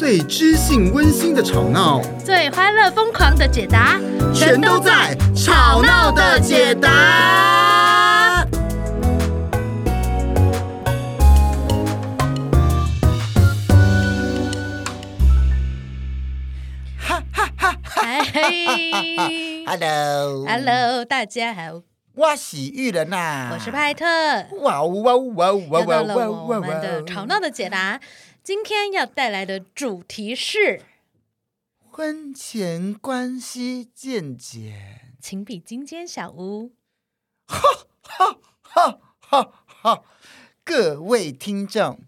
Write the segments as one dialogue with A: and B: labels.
A: 最知性溫馨的吵鬧，
B: 最歡樂瘋狂的解答，全都在《吵鬧的解答》解答。
A: 哈哈哈！嘿
B: ，Hello，Hello，大家好，
A: 我是譽仁啊，我是派特，哇嗚哇嗚哇嗚哇嗚哇嗚哇嗚，歡迎來到我們的《吵鬧
B: 的解答》。今天要帶來的主題是
A: 婚前關係健檢，情比金堅小屋。哈哈哈！哈哈！各位聽眾，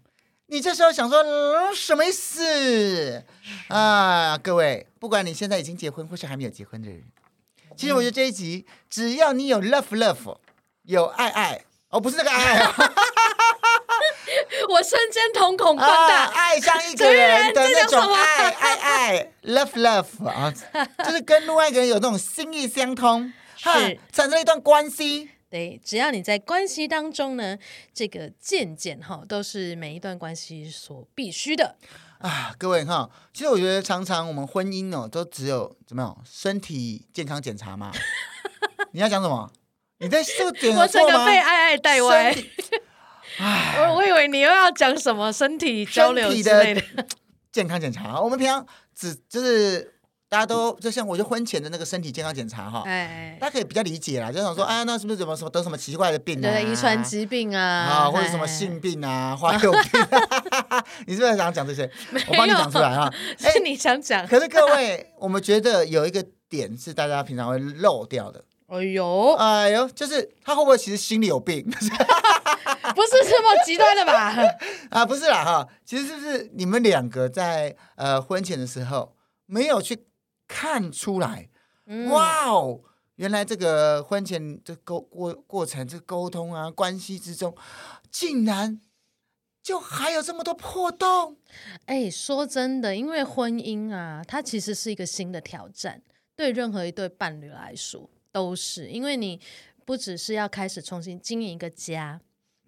A: 你這時候想說，什麼意思啊？各位，不管你現在已經結婚或是還沒有結婚的人，其實我覺得這一集，只要你有 love love，有愛愛，哦，不是那個愛愛、啊。 我瞬間瞳孔放大，啊、愛上一個人的那種愛， 愛愛，love love 啊，就是跟另外一個人有那種心意相通，是產生一段關
B: 係。對，只要你在關係當中呢，這個健檢哈，都是每一段關係所必須的
A: 啊。各位，哈，其實我覺得常常我們婚姻哦，都只有怎麼樣，身體健康檢查嘛。 你要講什麼？你在這 個點我真的被愛愛帶歪。
B: 我我以為你又要講什麼身體交流之類的，身
A: 體的健康檢查。我們平常只就是大家都就像我，就婚前的那個身體健康檢查哈，哎，大家可以比較理解啦。就想說，哎，那是不是怎麼什麼得什麼奇怪的病啊？對，遺傳疾
B: 病啊，啊，或者什麼性
A: 病啊、花柳病， 你是不是很想講這些？我幫你講出來
B: 啊。是你想講、欸？可
A: 是各位， 我們覺得有一個點是大家平常會漏掉的。哎呦，哎呦、呃，就是他會不會其實心裡有病？
B: 不是這麼極端的吧？
A: 啊，不是啦哈，其實就是，是你們兩個在呃婚前的時候沒有去看出來，嗯、哇哦，原來這個婚前這溝過過程這溝通啊關係之中，竟然就
B: 還有這麼多破洞。哎，說真的，因為婚姻啊，它其實是一個新的挑戰，對任何一對伴侶來說。都是因為你不只是要開始重新經營一個家、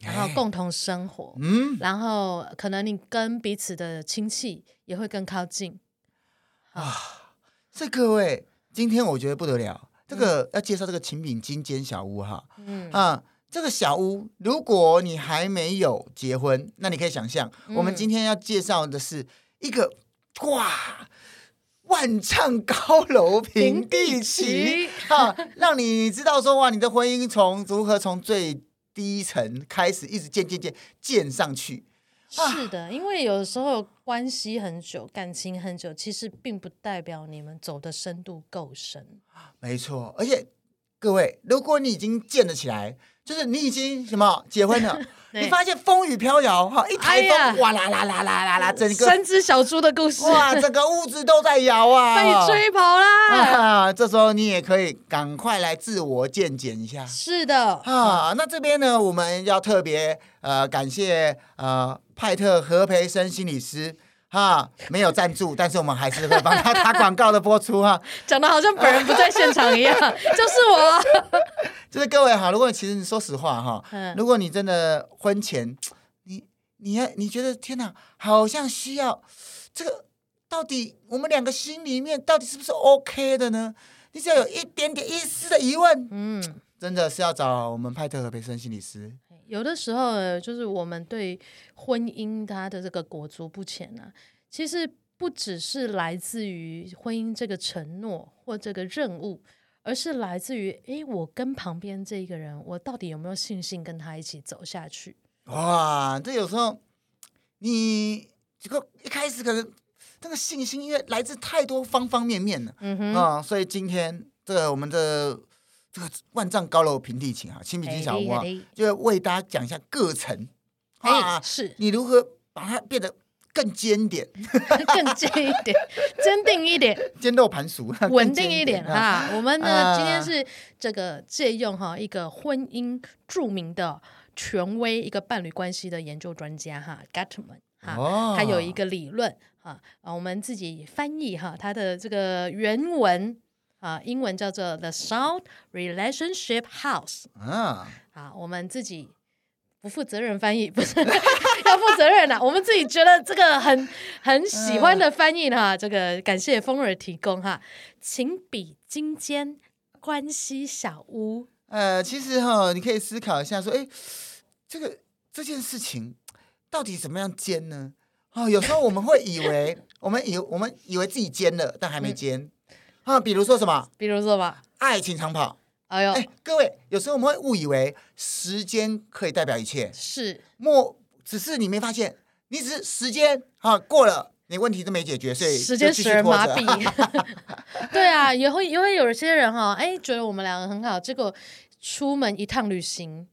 B: 欸，然後共同生活，嗯，然後可能你跟彼此的親戚也會更靠近
A: 啊。所以各位，今天我覺得不得了，這個、嗯、要介紹這個情比金堅小屋哈、嗯，啊，這個小屋，如果你還沒有結婚，那你可以想象，嗯、我們今天要介紹的是一個哇。萬丈高樓平地起，地起 啊，讓你知道說哇，你的婚姻從如何從最低層開始，一直建建建建上去、
B: 啊。是的，因為有時候關係很久，感情很久，其實並不代表你們走的深度夠深。
A: 沒錯，而且各位，如果你已經建了起來。就是你已經什麼結婚了，你發現風雨飄搖哈，一台風、哎、哇啦啦啦啦啦啦，整個三隻小豬的故事哇，整個屋子都在搖啊，被吹跑啦、啊。這時候你也可以趕快來自我健檢一下。是的啊，那這邊呢，我們要特別呃感謝呃派特何培申心理師哈、啊，沒有贊助， 但是我們還是會幫他打廣告的播出哈，講、啊、的好像本人不在現場一樣， 就是我。 就是各位哈，如果其實你說實話哈，如果你真的婚前，你你、啊、你覺得天哪，好像需要這個，到底我們兩個心裡面到底是不是 OK 的呢？你只要有一點點一絲的疑問，嗯，真的是要找我們派特和培申心理師。
B: 有的時候，就是我們對婚姻它的這個裹足不前呢、啊，其實不只是來自於婚姻這個承諾或這個任務。而是來自於，哎，我跟旁邊這一個人，我到底有沒有信心跟他一起走下去？
A: 哇，這有時候，你這個一開始可能這、那個信心，因為來自太多方方面面了，嗯啊、嗯，所以今天這個我們的這個萬丈高樓平地起啊，情比金堅小屋啊、哎，就為大家講一下各層啊、哎，是你如何把它變得。更尖點，更尖一點，堅定一點，尖豆盤熟，穩定一點哈。我們呢、啊，今天是
B: 這個借用哈一個婚姻著名的權威，一個伴侶關係的研究專家哈，Gottman 哈、哦，他有一個理論哈啊，我們自己翻譯哈、啊、他的這個原文啊，英文叫做 The Sound Relationship House 啊，好、啊，我們自己。不負責任翻譯不是 要負責任啊！ 我們自己覺得這個很很喜歡的翻譯哈、啊呃，這個感謝風兒提供哈、啊。情比金堅，關係小屋。
A: 呃，其實哈、哦，你可以思考一下說，哎，這個這件事情到底怎麼樣堅呢？啊、哦，有時候我們會以為 我們以我們以為自己堅了，但還沒堅、嗯、啊。比如說什麼？比如說什麼？愛情長跑。哎呦！哎，各位，有時候我們會誤以為時間可以代表一切，是。莫，只是你沒發現，你只是時間啊過了，你問題都沒解決，所以時間使人麻痹。
B: 對啊，也會因為有一些人哦，哎，覺得我們兩個很好，結果出門一趟旅行，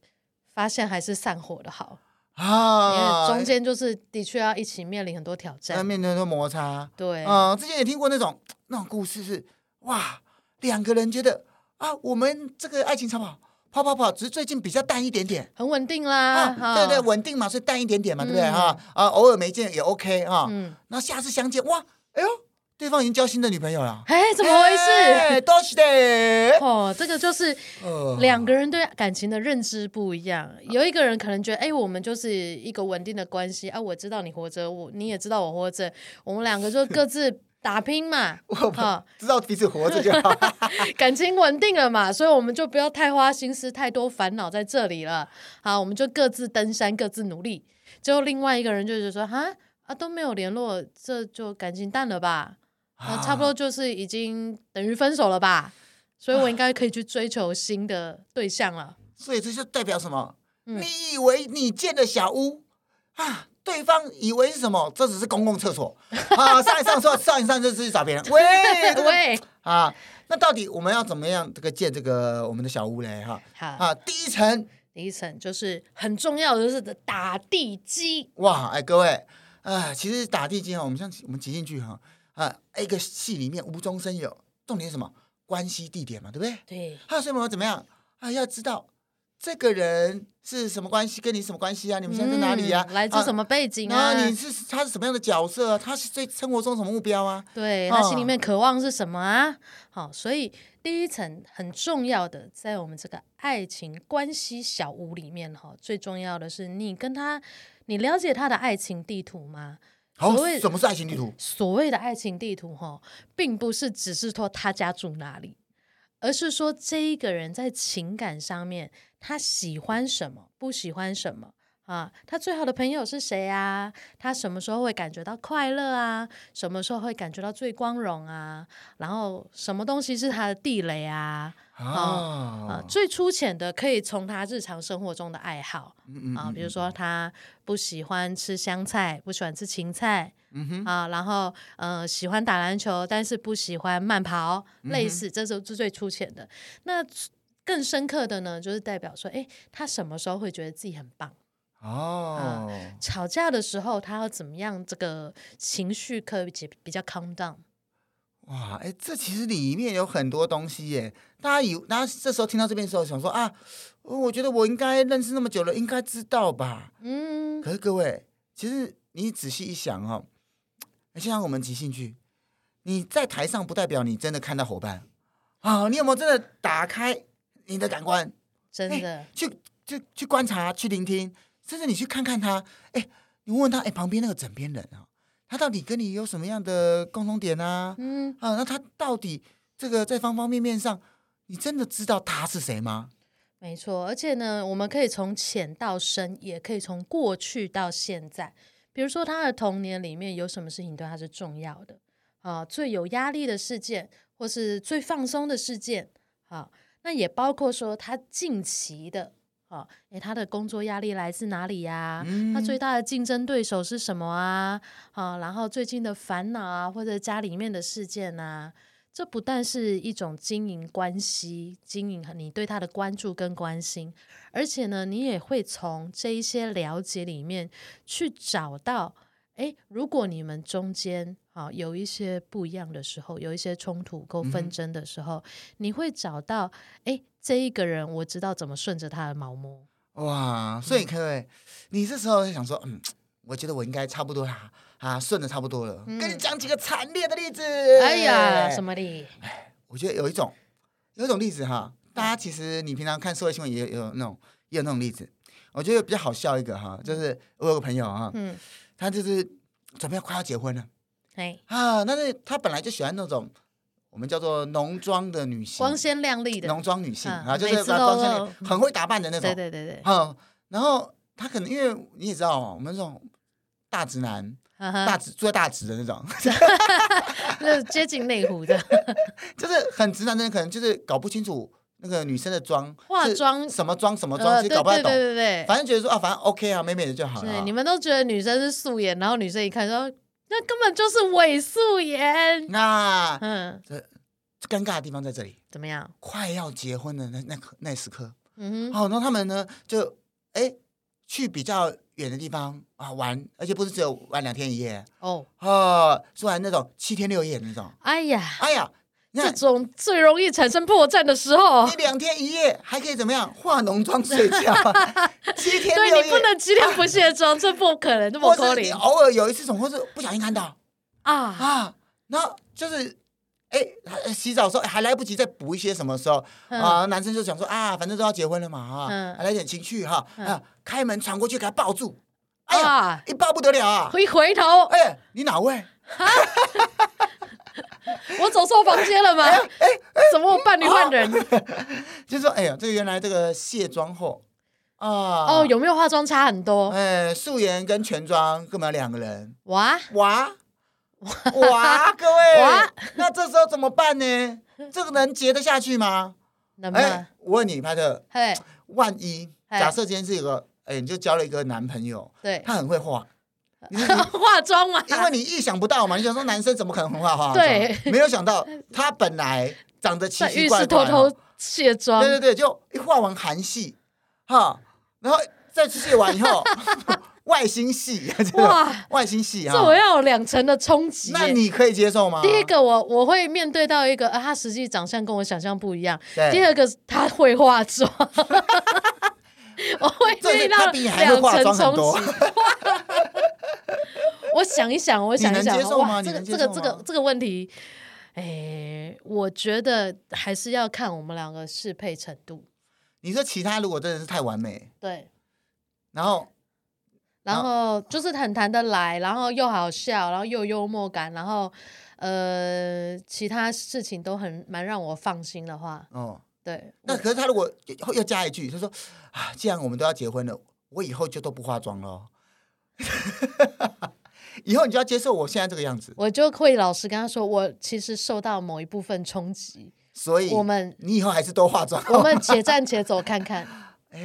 B: 發現還是散夥的好
A: 啊。因為中間
B: 就是的確要一起面臨很多挑戰，要、啊、面
A: 臨很多摩擦。對。啊、嗯，之前也聽過那種那種故事是，是哇，兩個人覺得。啊，我們這個愛情長跑，跑跑跑，只是最近比較淡一點點，很穩定啦。啊哦、對，對對，穩定嘛，所以淡一點點嘛，嗯、對不對？哈，啊，偶爾沒見也 OK 啊。嗯，那下次相見，哇，哎呦，對方已經交新的女朋友了，哎、欸，怎麼回事？都是的。哦，這個就是兩個人對
B: 感情的認知不一樣，呃、有一個人可能覺得，哎、欸，我們就是一個穩定的關係啊，我知道你活着，我你也知道我活着，我們兩個就各自。 打拼嘛，好，
A: 知道彼此活着就好。
B: 感情穩定了嘛，所以我們就不要太花心思，太多煩惱在這裡了。好，我們就各自登山，各自努力。最後，另外一個人就是說，哈啊，都沒有聯絡，這就感情淡了吧、啊？差不多就是已經等於分手了吧？所以我應該可以去追求新的對象
A: 了。所以這就代表什麼？嗯、你以為你建了小屋啊？對方以為是什麼？這只是公共廁所 啊！上一上廁，上一上廁就是找別人。 喂，喂啊，那到底我們要怎麼樣這個建這個我們的小屋嘞？哈、啊，好、啊，第一層，第一層就是很重要的，是打地基。哇，哎，各位，啊，其實打地基啊，我們像我們即興劇哈啊，一個戲裡面無中生有，重點是什麼？關係地點嘛，對不對？對，哈、啊，所以我們怎麼樣啊？要知道。這個人是什麼關係？跟你什麼關係啊？你們現在在哪裡啊？嗯、啊來自什
B: 麼背景啊？啊你是
A: 他是什麼樣的角色、啊？他是在生活中什麼目標啊？對他心裡
B: 面渴望是什麼啊、嗯？好，所以第一層很重要的，在我們這個愛情關係小屋裡面哈，最重要的是你跟他，你了解他的愛情地圖嗎？
A: 所謂什麼是愛情地圖？
B: 所謂的愛情地圖哈，並不是只是說他家住哪裡，而是說這一個人在情感上面。他喜歡什麼，不喜歡什麼啊？他最好的朋友是誰啊？他什麼時候會感覺到快樂啊？什麼時候會感覺到最光榮啊？然後什麼東西是他的地雷啊？哦、oh. 呃，最粗淺的可以從他日常生活中的愛好、mm -hmm. 啊，比如說他不喜歡吃香菜，不喜歡吃芹菜，mm -hmm. 啊，然後嗯、呃，喜歡打籃球，但是不喜歡慢跑，mm -hmm. 類似，這是最最粗淺的。那。更深刻的呢，就是代表說，哎，他什麼時候會覺得自己很棒？
A: 哦、啊，
B: 吵架的時候，他要怎麼樣？這個情緒可以比，比較 calm down？
A: 哇，哎，這其實裡面有很多東西耶。大家有，大家這時候聽到這邊的時候，想說啊，我覺得我應該認識那麼久了，應該知道吧？嗯。可是各位，其實你仔細一想哦，就像我們即興劇，你在台上不代表你真的看到夥伴啊，你有沒有真的打開？你的感官，真的、欸、去去去觀察，去聆聽，甚至你去看看他，哎、欸，你問問他，哎、欸，旁邊那個枕邊人啊、哦，他到底跟你有什麼樣的共同點啊？嗯，啊，那他到底這個在方方面面上，你真的知道他是誰嗎？
B: 沒錯，而且呢，我們可以從淺到深，也可以從過去到現在，比如說他的童年裡面有什麼事情對他是重要的啊？最有壓力的事件，或是最放鬆的事件，好、啊。那也包括說他近期的，哦，誒他的工作壓力來自哪裡呀、啊嗯？他最大的競爭對手是什麼啊？啊、哦，然後最近的煩惱啊，或者家裡面的事件啊。這不但是一種經營關係，經營你對他的關注跟關心，而且呢，你也會從這一些了解裡面去找到。哎，如果你們中間、啊、有一些不一樣的時候，有一些衝突跟紛爭的時候，嗯、你會找到哎這一個人，我知道怎麼順着他的毛摸。
A: 哇！所以各位、嗯，你這時候就想說，嗯，我覺得我應該差不多啊，啊，順着差不多了、嗯。跟你講幾個慘烈的例子。哎呀，哎什麼例？哎，我覺得有一種，有一種例子哈。大家其實你平常看社會新聞也有，有那種，也有那種例子。我覺得比較好笑一個哈，就是我有個朋友嗯。他就是準備要快要結婚了，哎啊，那是他本來就喜歡那種我們叫做濃妝的女性，光鮮亮麗的濃妝女性啊，就是光鮮很會打扮的那種，對對對對。嗯，然後他可能因為你也知道，我們這種大直男，啊、大直住大直的那種，
B: 就是接近內湖的，
A: 就是很直男的，人可能就是搞不清楚。那個女生的妝，
B: 化妝什
A: 麼妝什麼妝、呃，其實搞不懂。對對對,對,對,對反正覺得說啊，反正 OK 啊，美美的就好了、啊。對，
B: 你們都覺得女生是素顏，然後女生一看說，那根本就是偽素顏。那
A: 嗯，這尷尬的地方在這裡。怎麼樣？快要結婚的那那那時刻，嗯哼，哦、然後他們呢就哎、欸、去比較遠的地方啊玩，而且不是只有玩兩天一夜哦，啊是玩那種七天六夜那種。
B: 哎呀，哎呀。這種最容易產生破綻的時候，你兩天一夜還可以怎麼樣？化
A: 濃妝睡覺， 七天六夜，對，你不能七天不卸妝、啊，這不可能那麼高齡。你偶爾有一次，總會是不小心看到啊啊，然後就是哎，洗澡時候還來不及再補一些什麼時候、嗯、啊，男生就想說啊，反正都要結婚了嘛啊，嗯、來點情趣哈啊、嗯、啊，開門闖過去給他抱住，哎呀、啊、一抱不得了啊，一回，
B: 回頭哎，
A: 你哪位？哈
B: 我走錯房間了嗎？
A: 哎,哎,哎，怎麼我伴侶換人？嗯哦、 就說哎呀，這個、原來這個卸妝後、啊、哦，有沒有化妝差很多？哎，素顏跟全妝根本兩個人。哇哇哇！哇 各位哇，那這時候怎麼辦呢？這個能結得下去嗎？能嗎、哎？我問你，派特，萬一假設今天是一個哎，你就交了一個男朋友，對他很會畫。 化妝嘛， 因為你意想不到嘛，你想說男生怎麼可能會化妝？對，沒有想到他本來長得奇奇怪怪怪， 浴室偷偷
B: 卸妝。對對對，
A: 就一化完韓系哈， 然後再卸完以後 外星系 外星系啊，這我要
B: 有兩層的衝擊。 那你可以接受嗎？第一個我我會面對到一個，啊，他實際長相跟我想象不一樣；對，第二個他會化妝。 我 會聽到兩層重擊。我想一想，我想一想，哇，這個這個這個這個問題，哎、欸，我覺得還是要看我們兩個適配程度。
A: 你說其他如果真的是太完美，對，然後，然後，
B: 然後就是很談得來，然後又好笑，然後又幽默感，然後呃，其他事情都很蠻讓我放心的話，哦對，
A: 那可是他如果要加一句，他說：“啊，既然我們都要結婚了，我以後就都不化妝了、哦， 以後你就要接受我現在這個樣子。”
B: 我就會老實跟他說：“我其實受到某一部分衝擊，
A: 所以我們你以後還是都化妝。”我們且
B: 站且走看看。
A: 哎，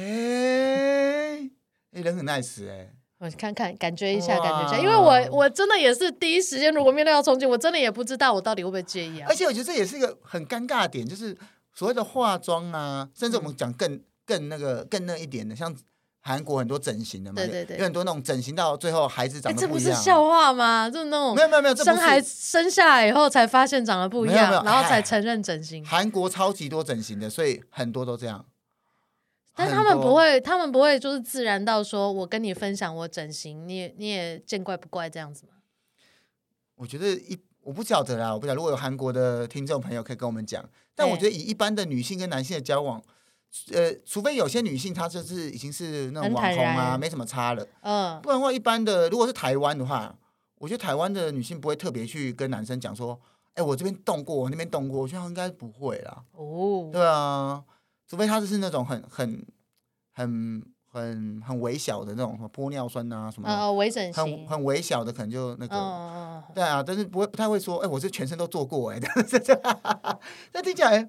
A: 哎，人很 nice、欸。哎！我
B: 看看，感覺一下，感覺一下，因為我我真的也是第一時間，如果面對到衝擊，我真的也不知道我到底會不會介意啊。
A: 而且我覺得這也是一個很尷尬的點，就是。所謂的化妝啊，甚至我們講更、嗯、更那個更那一點的，像韓國很多整形的嘛，對對對對，有很多那種整形到最後孩子長得不一樣，欸、這不是笑
B: 話嗎？就那種沒有沒有沒有生孩生下來以後才發現長得不一樣，沒有沒有然後才承認整形。
A: 韓國超級多整形的，所以很多都這樣。但他們不
B: 會，他們不會就是自然到說，我跟你分享我整形，你也你也見怪不怪這樣子嗎？
A: 我覺得一我不曉得啦，我不曉得，如果有韓國的聽眾朋友可以跟我們講。但我覺得以一般的女性跟男性的交往，呃，除非有些女性她就是已經是那種網紅啊，沒什麼差
B: 了。
A: 嗯，不然的話，一般的，如果是台灣的話，我覺得台灣的女性不會特別去跟男生講說：“哎、欸，我這邊動過，我那邊動過。”我覺得她應該不會啦。哦，對啊，除非她就是那種很很很。很很很微小的那種什麼玻尿酸啊什麼，哦哦
B: 微整形
A: 很，很微小的，可能就那個哦哦哦，對啊，但是不會不太會說，哎、欸，我是全身都做過哎、欸，但是這樣，那聽起來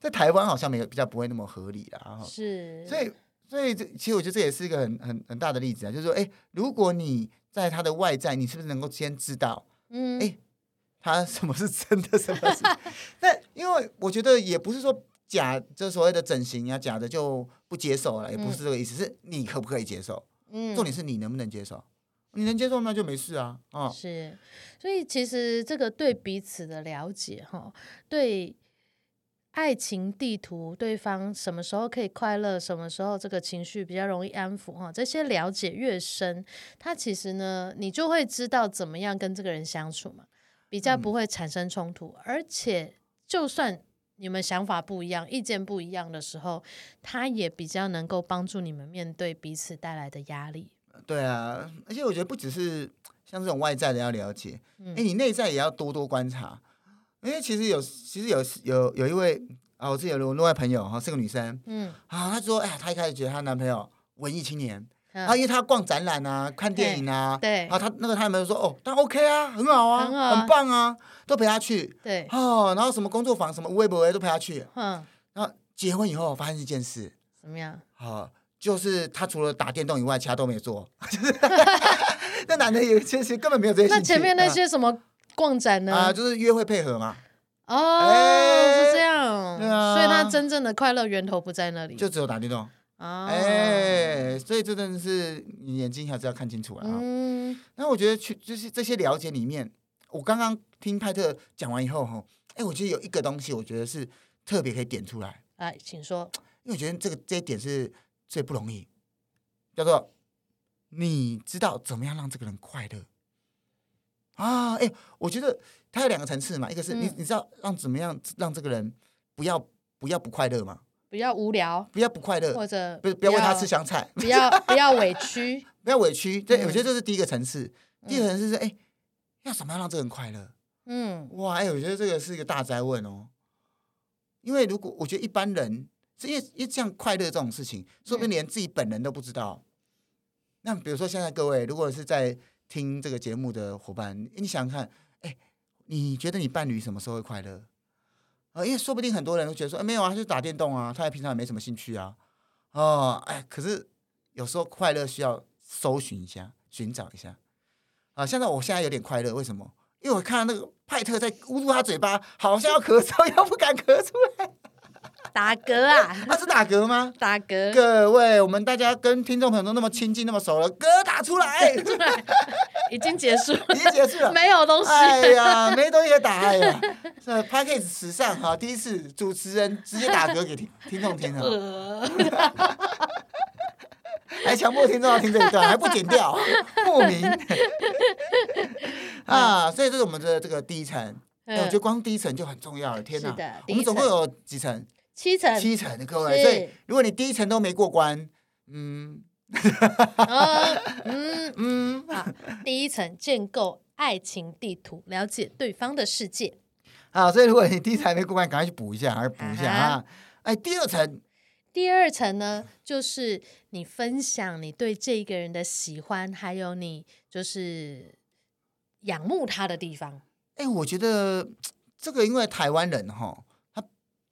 A: 在台灣好像沒有比較不會那麼合理啦，是，所以所以這其實我覺得這也是一個很很很大的例子啊，就是說，哎、欸，如果你在他的外在，你是不是能夠先知道，嗯，哎、欸，他什麼是真的什麼是那 因為我覺得也不是說假，就所謂的整形啊假的就。不接受了，也不是這個意思，嗯，是你可不可以接受？嗯，重點是你能不能接受？你能接受，那就沒事啊。啊，哦，是，
B: 所以其實這個對彼此的了解，哈，對愛情地圖，對方什麼時候可以快樂，什麼時候這個情緒比較容易安撫，哈，這些了解越深，他其實呢，你就會知道怎麼樣跟這個人相處嘛，比較不會產生衝突，嗯，而且就算，你們想法不一樣，意見不一樣的時候，他也比較能夠幫助你們面對彼此帶來的壓力。
A: 對啊，而且我覺得不只是像這種外在的要了解，哎、嗯欸，你內在也要多多觀察，因為其實有，其實有，有有一位啊，我自己有另外朋友哈，是個女生，嗯，啊，她說，哎，她一開始覺得她男朋友文藝青年。啊，因為他逛展覽啊，看電影啊，對，啊，他那個他有沒說哦，他 OK 啊，啊，很好啊，很棒啊，都陪他去，對，哦、然後什麼工作坊，什麼微博都陪他去，嗯，然後結婚以後發現一件事，什麼樣？好、啊，就是他除了打電動以外，其他都沒做， 那男的也其實根本沒有這些事。那前面那些
B: 什麼逛展呢？啊，就是
A: 約會配合嘛。
B: 哦、欸，是這樣，對啊，所以他真正的快樂源頭不在那裡，就
A: 只有打電動。啊，哎，所以這真的是你眼睛還是要看清楚啊、哦。嗯，那我覺得去就是這些了解裡面，我剛剛聽派特講完以後、哦，哈，哎，我覺得有一個東西，我覺得是特別可以點出來。哎、啊，請說，因為我覺得這個這一點是最不容易，叫做你知道怎麼樣讓這個人快樂啊？哎、欸，我覺得它有兩個層次嘛，一個是你、嗯、你知道讓怎麼樣讓這個人不要不要不快樂嗎？
B: 不要無聊，不要不快樂，或者不
A: 要不要餵他吃香菜，不要 不要委屈， 不要委屈。對、嗯，我覺得這是第一個層次。嗯、第一層次是哎、欸，要怎麼樣讓這個人快樂？嗯，哇，哎、欸，我覺得這個是一個大哉問哦。因為如果我覺得一般人，因為因為像快樂這種事情，說不定連自己本人都不知道。嗯、那比如說現在各位如果是在聽這個節目的夥伴，你想想看，哎、欸，你覺得你伴侶什麼時候會快樂？啊，因為說不定很多人都覺得說，哎，沒有啊，他就打電動啊，他平常也沒什麼興趣啊，哦，哎，可是有時候快樂需要搜尋一下，尋找一下，啊，現在我現在有點快樂。為什麼？因為我看到那個派特在捂住他嘴巴，好像要咳嗽，又不敢咳出來。打嗝啊？那、啊、是打嗝嗎？打嗝。各位，我們大家跟聽眾朋友都那麼親近、那麼熟了，嗝打出來，出來已經結束了， 已經結束了，沒有東西。哎呀，沒東西打，哎呀，這 Podcast 史上哈，第一次主持人直接打嗝給聽聽眾聽了，呃， 還強迫聽眾要聽這一段，還不剪掉，莫 名不明。 啊，所以這是我們的這個第一層，我覺得光第一層就很重要了。天哪，我們總共有幾層？
B: 七層，七層各位，所
A: 以如果你第一層都沒過關，嗯，哦，嗯嗯，
B: 好，第一層建構愛情地圖，了解對方的世界。
A: 好，所以如果你第一層還沒過關， 趕快去補一下，趕快補一下啊,啊！哎，第二層，
B: 第二層呢，就是你分享你對這個人的喜歡，還有你就是仰慕他的地方。
A: 哎，我覺得這個因為台灣人哈、哦。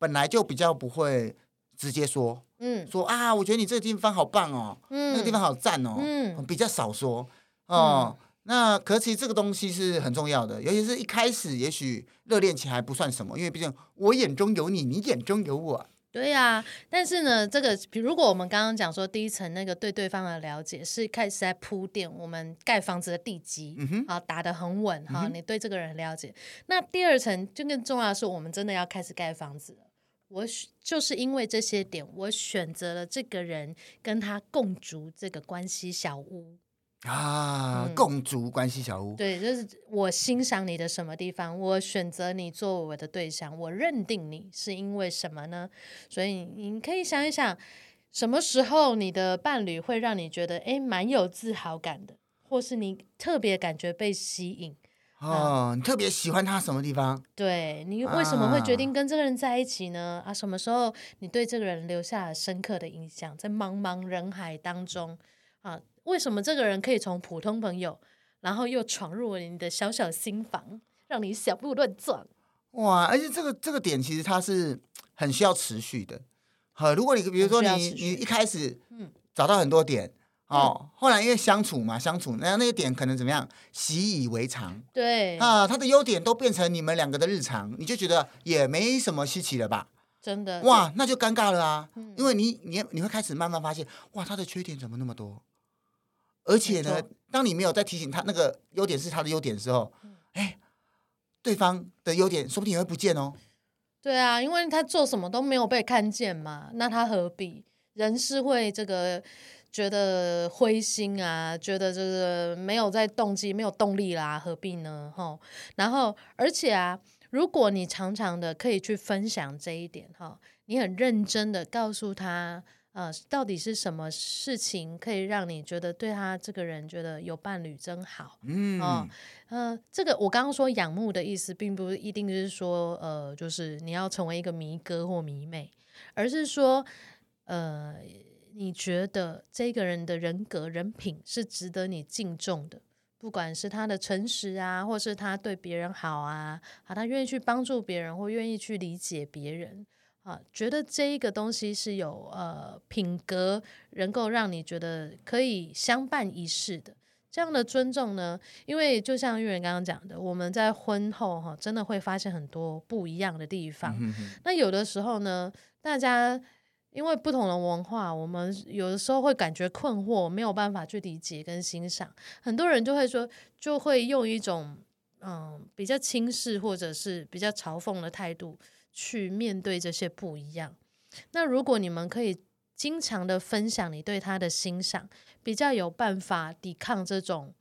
A: 本來就比較不會直接說，嗯，說啊，我覺得你這個地方好棒哦，嗯，那個地方好讚哦，嗯，比較少說哦、嗯。那可是，其實這個東西是很重要的，尤其是一開始，也許熱戀期還不算什麼，因為畢竟我眼中有你，你眼中有我，
B: 對啊，但是呢，這個比如果我們剛剛講說第一層那個對對方的了解是開始在鋪墊，我們蓋房子的地基，嗯哼，打得很穩哈、嗯。你對這個人了解，那第二層就更重要的是，我們真的要開始蓋房子。我就是因為這些點，我選擇了這個人，跟他共築這個關係小屋
A: 啊，共築關係小屋。對，
B: 就是我欣賞你的什麼地方，我選擇你做我的對象，我認定你是因為什麼呢？所以你可以想一想，什麼時候你的伴侶會讓你覺得誒，蠻有自豪感的，或是你特別感覺被吸引。
A: 哦、嗯，你特別喜歡他什麼地方？
B: 對，你為什麼會決定跟這個人在一起呢啊？啊，什麼時候你對這個人留下了深刻的印象？在茫茫人海當中，啊，為什麼這個人可以從普通朋友，然後又闖入你的小小心房，讓你小鹿亂撞？
A: 哇！而且這個這個點其實它是很需要持續的。好，如果你比如說你你一開始嗯找到很多點。嗯哦，後來因為相處嘛，相處，然後那個點可能怎麼樣，習以為常。對啊、呃，他的優點都變成你們兩個的日常，你就覺得也沒什麼稀奇了吧？
B: 真的哇，
A: 那就尷尬了啊！嗯、因為你你你會開始慢慢發現，哇，他的缺點怎麼那麼多？而且呢，當你沒有在提醒他那個優點是他的優點的時候，欸、對方的優點說不定也會不見哦。
B: 對啊，因為他做什麼都沒有被看見嘛，那他何必？人是會這個。覺得灰心啊，覺得這個沒有在動機，沒有動力啦，何必呢？哦、然後而且啊，如果你常常的可以去分享這一點，哈、哦，你很認真的告訴他，呃，到底是什麼事情可以讓你覺得對他這個人覺得有伴侶真好，嗯啊、哦呃，這個我剛剛說仰慕的意思，並不一定就是說，呃，就是你要成為一個迷哥或迷妹，而是說，呃。你覺得這個人的人格、人品，是值得你敬重的，不管是他的誠實啊，或是他對別人好啊，好，他願意去幫助別人，或願意去理解別人啊，覺得這一個東西是有呃品格，能夠讓你覺得可以相伴一世的這樣的尊重呢？因為就像譽仁剛剛講的，我們在婚後哈、啊，真的會發現很多不一樣的地方。嗯、哼哼那有的時候呢，大家。因為不同的文化，我們有的時候會感覺困惑，沒有辦法去理解跟欣賞。很多人就會說，就會用一種嗯、呃、比較輕視或者是比較嘲諷的態度去面對這些不一樣。那如果你們可以經常的分享你對他的欣賞，比較有辦法抵抗這種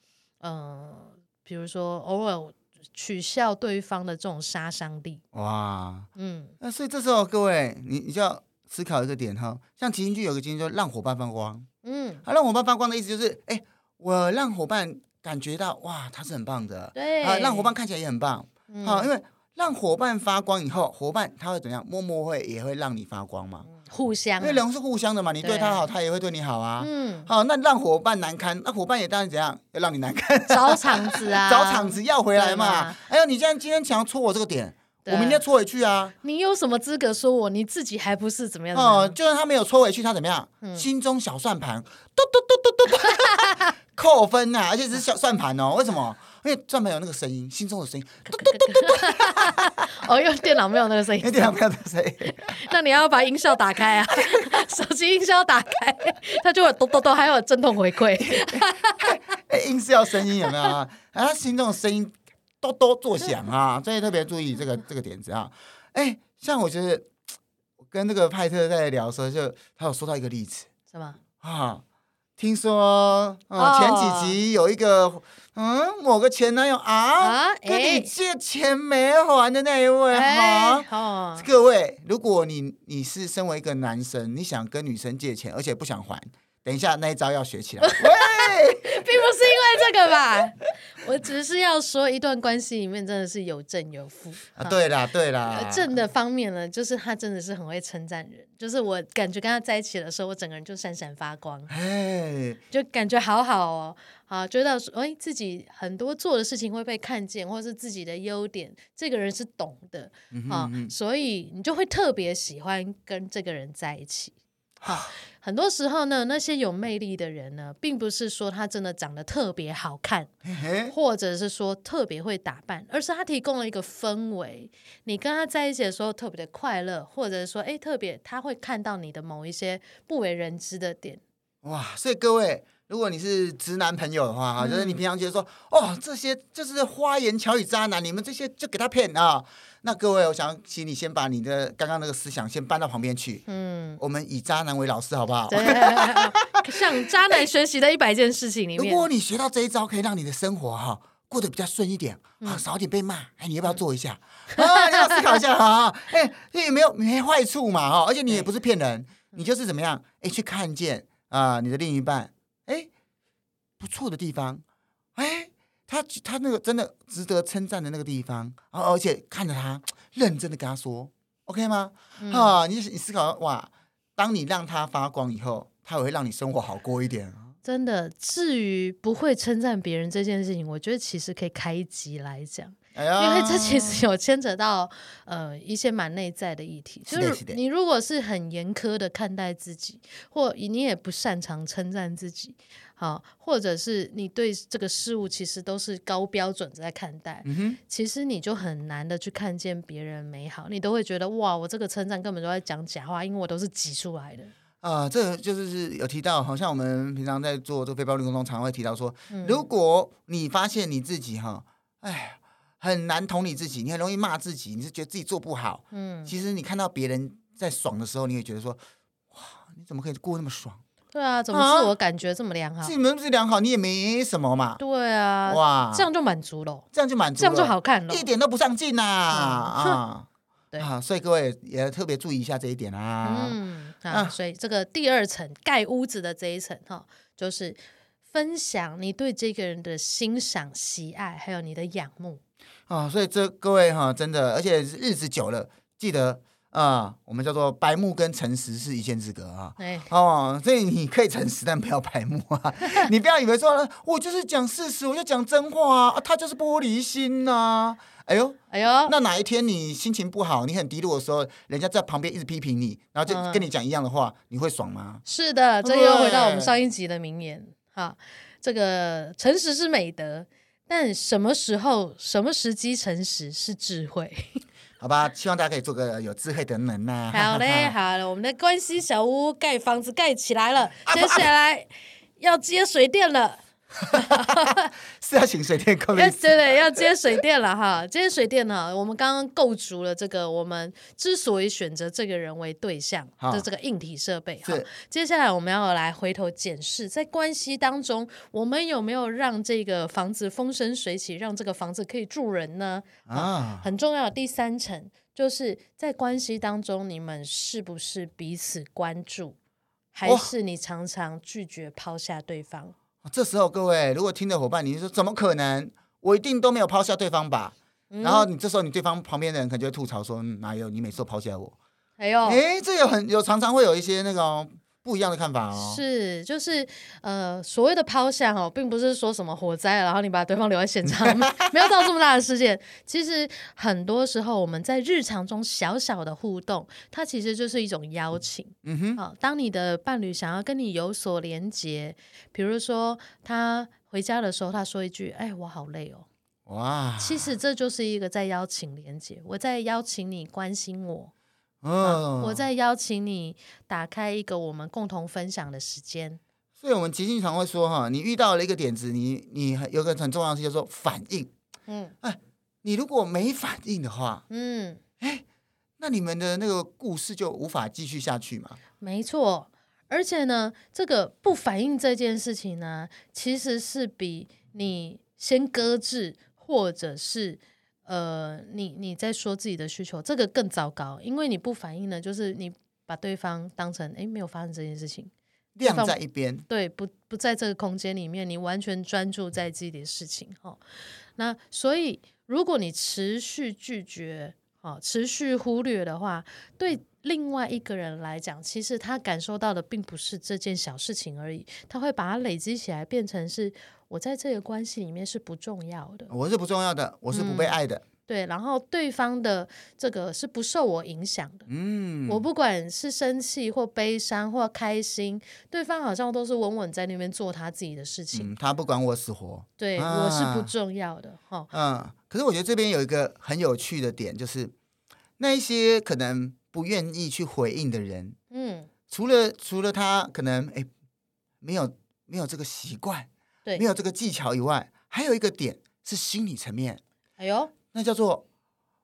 B: 嗯、呃，比如說偶爾取笑對方的這種殺傷力。哇，嗯，
A: 那所以這時候各位，你你就要。思考一個點哈，像即興劇有個金句，讓夥伴發光。嗯，好，讓夥伴發光的意思就是，哎、欸，我讓夥伴感覺到哇，他是很棒的。對，啊，讓夥伴看起來也很棒。好、嗯，因為讓夥伴發光以後，夥伴他會怎樣？默默會也會讓你發光嘛。
B: 互相、啊，因為人
A: 是互相的嘛，你對他好，他也會對你好啊。
B: 嗯，
A: 好、啊，那讓夥伴難堪，那夥伴也當然怎樣？要讓你難堪，找場子啊，找場子要回來嘛。哎呀、欸，你這樣今天想要戳我這個點。我明天搓回去啊！你有什麼資格說我？你自己還不是怎麼樣？哦、嗯，就算他沒有搓回去，他怎麼樣？嗯、心中小算盤，嘟嘟嘟嘟扣分吶、啊！而、啊、且、就是小算盤哦，為什麼？因為算盤有那個聲音，心中的聲音，嘟嘟嘟嘟。哦，
B: 因為電腦沒有那個
A: 聲音，電腦沒有那個聲
B: 音。 那你要把音效打開啊， 手機音效打開，它就會有嘟嘟嘟，還有震動回饋。
A: 音效聲音有沒有啊？啊，心中的聲音。哆哆作響啊！所以特別注意這個這個點子啊，哎、欸，像我覺、就、得、是、跟那個派特在聊的時候就，就他有說到一個例子，什麼啊？聽說啊、嗯 oh. 前幾集有一個嗯某個前男友啊，uh? 跟你借錢沒還的那一位哈、uh? 啊欸。各位，如果你你是身為一個男生，你想跟女生借錢，而且不想還。等一下，那一招要學起
B: 來。對， 並不是因為這個吧，我只是要說，一段關係裡面真的是有正有負
A: 啊。對啦，對啦。正的
B: 方面呢，就是他真的是很會稱讚人，就是我感覺跟他在一起的時候，我整個人就閃閃發光，哎，就感覺好好哦，好，覺得說哎、欸、自己很多做的事情會被看見，或者是自己的優點，這個人是懂的啊、嗯，所以你就會特別喜歡跟這個人在一起。好，很多時候呢，那些有魅力的人呢，並不是說他真的長得特別好看，或者是說特別會打扮，而是他提供了一個氛圍，你跟他在一起的時候特別的快樂，或者是說，哎，特別他會看到你的某一些不為人知的
A: 點。哇，所以各位。如果你是直男朋友的話，哈，就是你平常覺得說，哦，這些就是花言巧語渣男，你們這些就給他騙啊、哦。那各位，我想請你先把你的剛剛那個思想先搬到旁邊去。嗯，我們以渣男為老師，好不好？
B: 向 渣男學習的一百件事情裡面。如果
A: 你學到這一招，可以讓你的生活哈過得比較順一點啊，少一點被罵。哎，你要不要做一下？
B: 嗯、啊，你要，要思考一下，哈
A: 啊、哎，也沒有沒壞處嘛，而且你也不是騙人，你就是怎麼樣，哎，去看見啊、呃，你的另一半。不錯的地方，哎、欸，他他那個真的值得稱讚的那個地方，然後而且看着他認真的跟他說，OK 嗎、嗯？啊，你你思考，哇，當你讓他發光以後，他也會讓你生活好過一點。
B: 真的，至於不會稱讚別人這件事情，我覺得其實可以開一集來講。
A: 哎、因為這其實
B: 有牽扯到呃一些蠻內在的議題，是是就是你如果是很嚴苛的看待自己，或你也不擅長稱讚自己，好、哦，或者是你對這個事物其實都是高標準在看待、嗯，其實你就很難的去看見別人美好，你都會覺得哇，我這個稱讚根本都在講假話，因為我都是擠出來的。
A: 啊、呃，這就是有提到，好像我們平常在做這個非暴力溝通，常會提到說、嗯，如果你發現你自己哈，哎。很難同理自己，你很容易罵自己，你是覺得自己做不好。嗯，其實你看到別人在爽的時候，你也覺得說，哇，你怎麼可以過那麼爽？
B: 對啊，怎麼自我、啊、感覺這麼良好？自
A: 己不是良好，你也沒什麼嘛。對啊，哇，這
B: 樣就滿足了。這
A: 樣就滿足了，這樣就好
B: 看了，一點都不上進
A: 吶啊、嗯、啊。對啊，所以各位也特別注意一下這一點啊。嗯啊，
B: 所以這個第二層蓋屋子的這一層哈，就是分享你對這個人的欣賞、喜愛，還有你的仰慕。
A: 啊、哦，所以這各位哈、哦，真的，而且日子久了，記得啊、呃，我們叫做白目跟誠實是一線之隔啊。對、欸、哦，所以你可以誠實，但不要白目啊。 你不要以為說，我就是講事實，我就講真話啊。他、啊、就是玻璃心吶、啊。哎呦，哎呦，那哪一天你心情不好，你很低落的時候，人家在旁邊一直批評你，然後就跟你講一樣的話、嗯，你會爽嗎？是的，這又回到我們上
B: 一集的名言。好，這個誠實是美德。但什麼時候、什麼時機誠實是智慧？
A: 好吧，希望大家可以做個有智慧的人、啊、 好嘞，
B: 好了，我們的關係小屋蓋房子蓋起來了，接下來要接水電了。
A: 是要請水電工，yes,
B: 對對，要接水電了哈， 接水電呢？我們剛剛構築了這個，我們之所以選擇這個人為對象就是、這個硬體設備哈，接下來我們要來回頭檢視，在關係當中，我們有沒有讓這個房子風生水起，讓這個房子可以住人呢？啊，很重要。第三層就是在關係當中，你們是不是彼此關注，還是你常常拒絕拋下對方？哦
A: 這時候，各位如果聽的夥伴，你說怎麼可能？我一定都沒有拋下對方吧？
B: 然後你
A: 這時候，你對方旁邊的人可能就會吐槽說、嗯：“哪有？你每次都拋下我。”“
B: 沒有。”“哎，
A: 這有很有，常常會有一些那種不一樣的看法哦。是，是
B: 就是呃，所謂的拋下哦，並不是說什麼火災，然後你把對方留在現場， 沒有到這麼大的事件。其實很多時候我們在日常中小小的互動，它其實就是一種邀請。嗯，嗯哼，好、哦，當你的伴侶想要跟你有所連接，比如說他回家的時候，他說一句：“哎，我好累哦。”
A: 哇，其
B: 實這就是一個在邀請連接，我在邀請你關心我。嗯、哦，我在邀請你打開一個我們共同分享的時間。
A: 所以，我們即興經常會說哈，你遇到了一個點子，你你有個很重要的事情叫做反應。嗯，哎、欸，你如果沒反應的話，嗯，哎、欸，那你們的那個故事就無法繼續下去嘛。沒錯，而且呢，
B: 這個不反應這件事情呢，其實是比你先擱置或者是。呃，你你在說自己的需求，這個更糟糕，因為你不反應呢，就是你把對方當成誒，沒有發生這件事情，晾在一邊，對，不不在這個空間裡面，你完全專注在自己的事情，哦，那所以，如果你持續拒絕，哦，持續忽略的話，對另外一個人來講，其實他感受到的並不是這件小事情而已，他會把它累積起來，變成是。我在這個關係裡面是不重要
A: 的，我是不重要的，我是不被愛的。嗯。
B: 對，然後對方的這個是不受我影響的。嗯，我不管是生氣或悲傷或開心，對方好像都是穩穩在那邊做他自己的事情，
A: 嗯，他不管我死活。對，啊，我是不重
B: 要的。哈，
A: 嗯。可是我覺得這邊有一個很有趣的點，就是那一些可能不願意去回應的人，嗯，除了除了他可能哎，沒有沒有這個習慣。沒有這個技巧以外，還有一個點是心理層面。哎呦，那叫做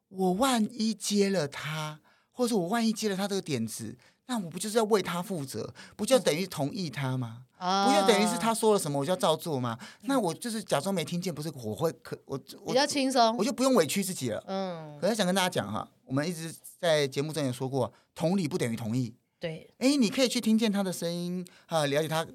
A: 我萬一接了他，或者是我萬一接了他這個點子，那我不就是要為他負責？不就等於同意他嗎？啊？不就等於是他說了什麼我就要照做嗎？那我就是假裝沒聽見，不是我會可我，我比較
B: 輕鬆，我就
A: 不用委屈自己了。嗯，可是想跟大家講哈、啊，我們一直在節目中也說過，同理不等於同意。對，哎，你可以去聽見他的聲音，啊、呃，了解他。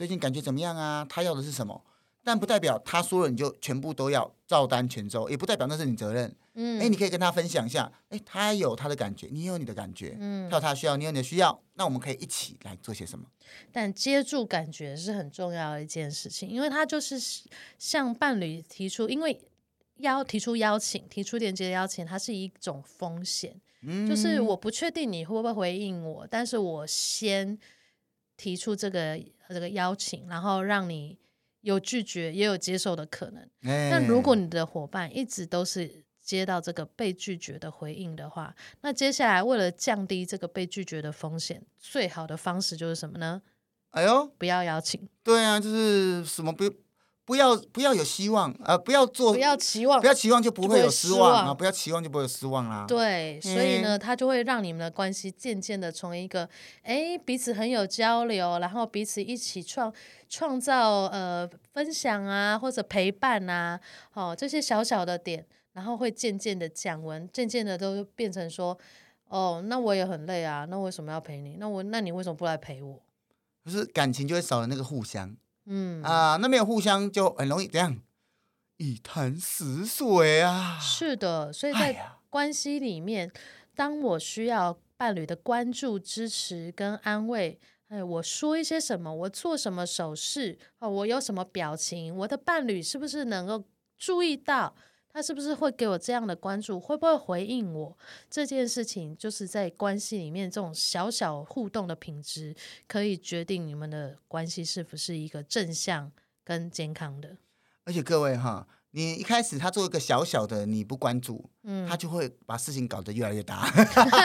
A: 最近感覺怎麼樣啊？他要的是什麼？但不代表他說了你就全部都要照單全收，也不代表那是你責任。嗯，哎、欸，你可以跟他分享一下。哎、欸，他有他的感覺，你有你的感覺。嗯，他有他的需要，你有你的需要。那我們可以一起來做些什麼？
B: 但接住感覺是很重要的一件事情，因為他就是向伴侶提出，因為要提出邀請，提出連接邀請，它是一種風險。嗯，就是我不確定你會不會回應我，但是我先提出這個。這個邀請，然後讓你有拒絕也有接受的可能。那、嗯、如果你的夥伴一直都是接到這個被拒絕的回應的話，那接下來為了降低這個被拒絕的風險，最好的方式就是什麼呢？
A: 哎呦，不要邀請。對啊，就是什麼不。不要不要有希望，呃，不要做，不要期望，不要期望就不會有失望啊！就不會失望。不要期望就不會有失望啦、啊。對、嗯，所以呢，
B: 他就會讓你們的關係漸漸的從一個，哎、欸，彼此很有交流，然後彼此一起創創造呃分享啊，或者陪伴啊，哦，這些小小的點，然後會漸漸的降溫，漸漸的都變成說，哦，那我也很累啊，那為什麼要陪你？那我那你為什麼不來陪我？
A: 就是感情就會少了那個互相。嗯啊，那沒有互相就很容易這樣？一潭死水啊！
B: 是的，所以在關係裡面、哎，當我需要伴侶的關注、支持跟安慰，哎，我說一些什麼，我做什麼手勢哦，我有什麼表情，我的伴侶是不是能夠注意到？他是不是會給我這樣的關注？會不會回應我？這件事情就是在關係裡面這種小小互動的品質，可以決定你們的關係是不是一個正向跟健康的。
A: 而且各位哈，你一開始他做一個小小的，你不關注，嗯，他就會把事情搞得越來越大，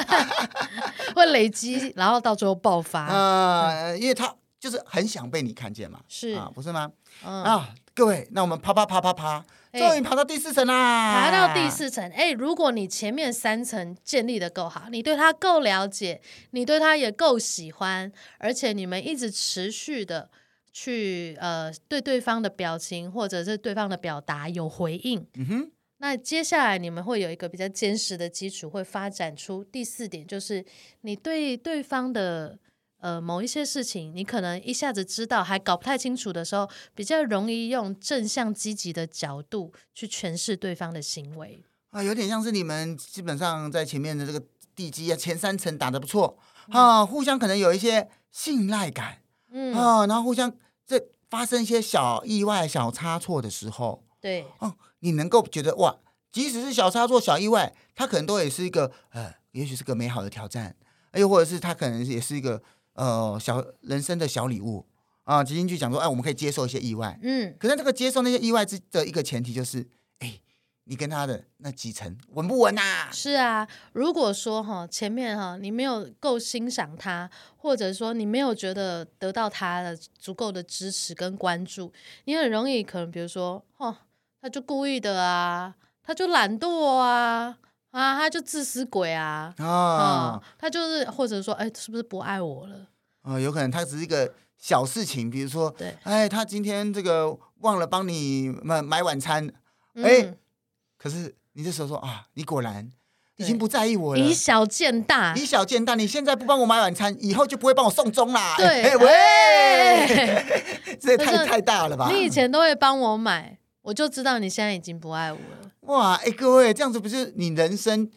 B: 會累積，然後到最後爆發。
A: 呃，因為他就是很想被你看見嘛，是啊，不是嗎？嗯、啊。各位，那我們啪啪啪啪啪，終於爬到第四層啦，欸！爬到第四
B: 層，誒、欸，如果你前面三層建立得夠好，你對他夠了解，你對他也夠喜歡，而且你們一直持續地去呃對對方的表情或者是對方的表達有回應，嗯哼，那接下來你們會有一個比較堅實的基礎，會發展出第四點，就是你對對方的。呃，某一些事情，你可能一下子知道還搞不太清楚的時候，比較容易用正向積極的角度去詮釋對方的行為
A: 啊，有點像是你們基本上在前面的這個地基啊，前三層打得不錯啊，互相可能有一些信賴感，嗯啊，然後互相這發生一些小意外、小差錯的時候，對，哦、啊，你能夠覺得哇，即使是小差錯、小意外，它可能都也是一個呃，也許是個美好的挑戰，又或者是它可能也是一個。呃、哦，小人生的小禮物啊，集中去講說，哎，我們可以接受一些意外，嗯，可是那個接受那些意外之的一個前提就是，哎、欸，你跟他的那幾層穩不穩吶、啊？
B: 是啊，如果說哈前面哈你沒有夠欣賞他，或者說你沒有覺得得到他的足夠的支持跟關注，你很容易可能比如說哦，他就故意的啊，他就懶惰啊。啊，他就自私鬼啊！啊，啊他就是或者說，哎、欸，是不是不愛我了？
A: 啊，有可能他只是一個小事情，比如說，對，哎、欸，他今天這個忘了幫你買買晚餐，哎、嗯欸，可是你這時候說啊，你果然已經不在意我了。以小見大，以小見大，你現在不幫我買晚餐，以後就不會幫我送終啦。對，欸、喂，欸、 這也太太大了吧？你以
B: 前都會幫我買，我就知道你現在已經不愛我了。
A: 哇，哎，各位，這樣子不是你人生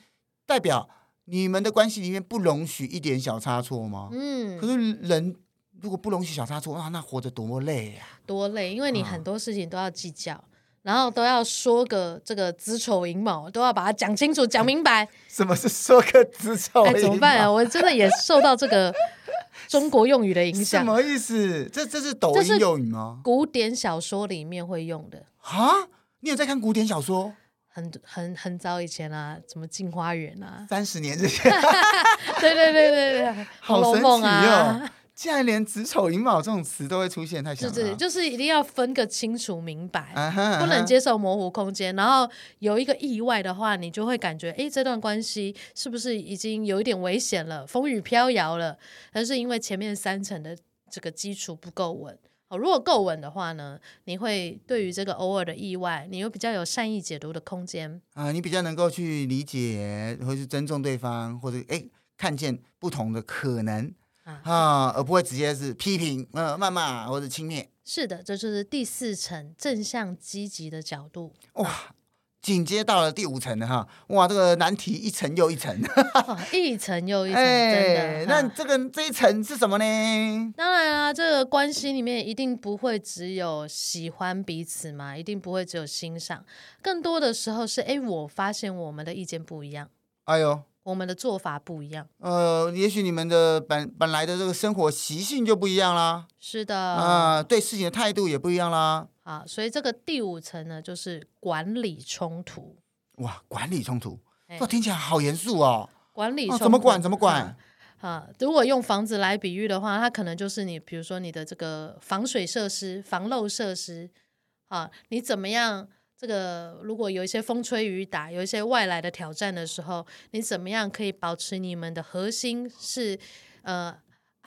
A: 代表你們的關係裡面不容許一點小差錯嗎？嗯。可是人如果不容許小差錯啊，那活着多累呀、啊！
B: 多累，因為你很多事情都要計較，嗯、然後都要說個這個子丑寅卯，都要把它講清楚、講明白。
A: 什麼是說個子丑？哎，怎麼辦啊？
B: 我真的也受到這個中國用語的影響。什麼
A: 意思？這這是抖音用語嗎？
B: 古典小說裡面會用的哈、啊，你有在看古典小說？很很很早以前啊，什麼《鏡花緣》啊，三十年之前，對 對對對對， 好神奇哦！
A: 竟 然連“子丑寅卯”這種詞都會出現，太是就是就
B: 是，一定要分個清楚明白，uh -huh, uh -huh. 不能接受模糊空間。然後有一個意外的話，你就會感覺，哎，這段關係是不是已經有一點危險了，風雨飄搖了？還是因為前面三層的這個基礎不夠穩。哦，如果夠穩的話呢，你會對於這個偶爾的意外，你又比較有善意解讀的空間
A: 啊、呃，你比較能夠去理解或是尊重對方，或者哎、欸、看見不同的可能啊、呃，而不會直接是批評、呃謾罵或者輕蔑。
B: 是的，這就是第四層正向積極的角度。哇。
A: 緊接到了第五層的哈，哇，這個難題一層又一層，哦，一層又一層。對、欸、那這個、啊、這一層是什麼呢？
B: 當然啦、啊，這個關係裡面一定不會只有喜歡彼此嘛，一定不會只有欣賞，更多的時候是哎、欸，我發現我們的意見不一樣，哎呦，我們的做法不
A: 一樣。呃，也許你們的本本來的這個生活習性就不一樣啦。
B: 是的。啊、
A: 呃，對事情的態度也不一樣啦。
B: 啊，所以這個第五層呢，就是管理衝突。
A: 哇，管理衝突，哇，聽起來好嚴肅哦。管理衝突、哦、怎麼管？怎麼管
B: 啊？啊，如果用房子來比喻的話，它可能就是你，比如說你的這個防水設施、防漏設施啊，你怎麼樣？這個如果有一些風吹雨打，有一些外來的挑戰的時候，你怎麼樣可以保持你們的核心是呃？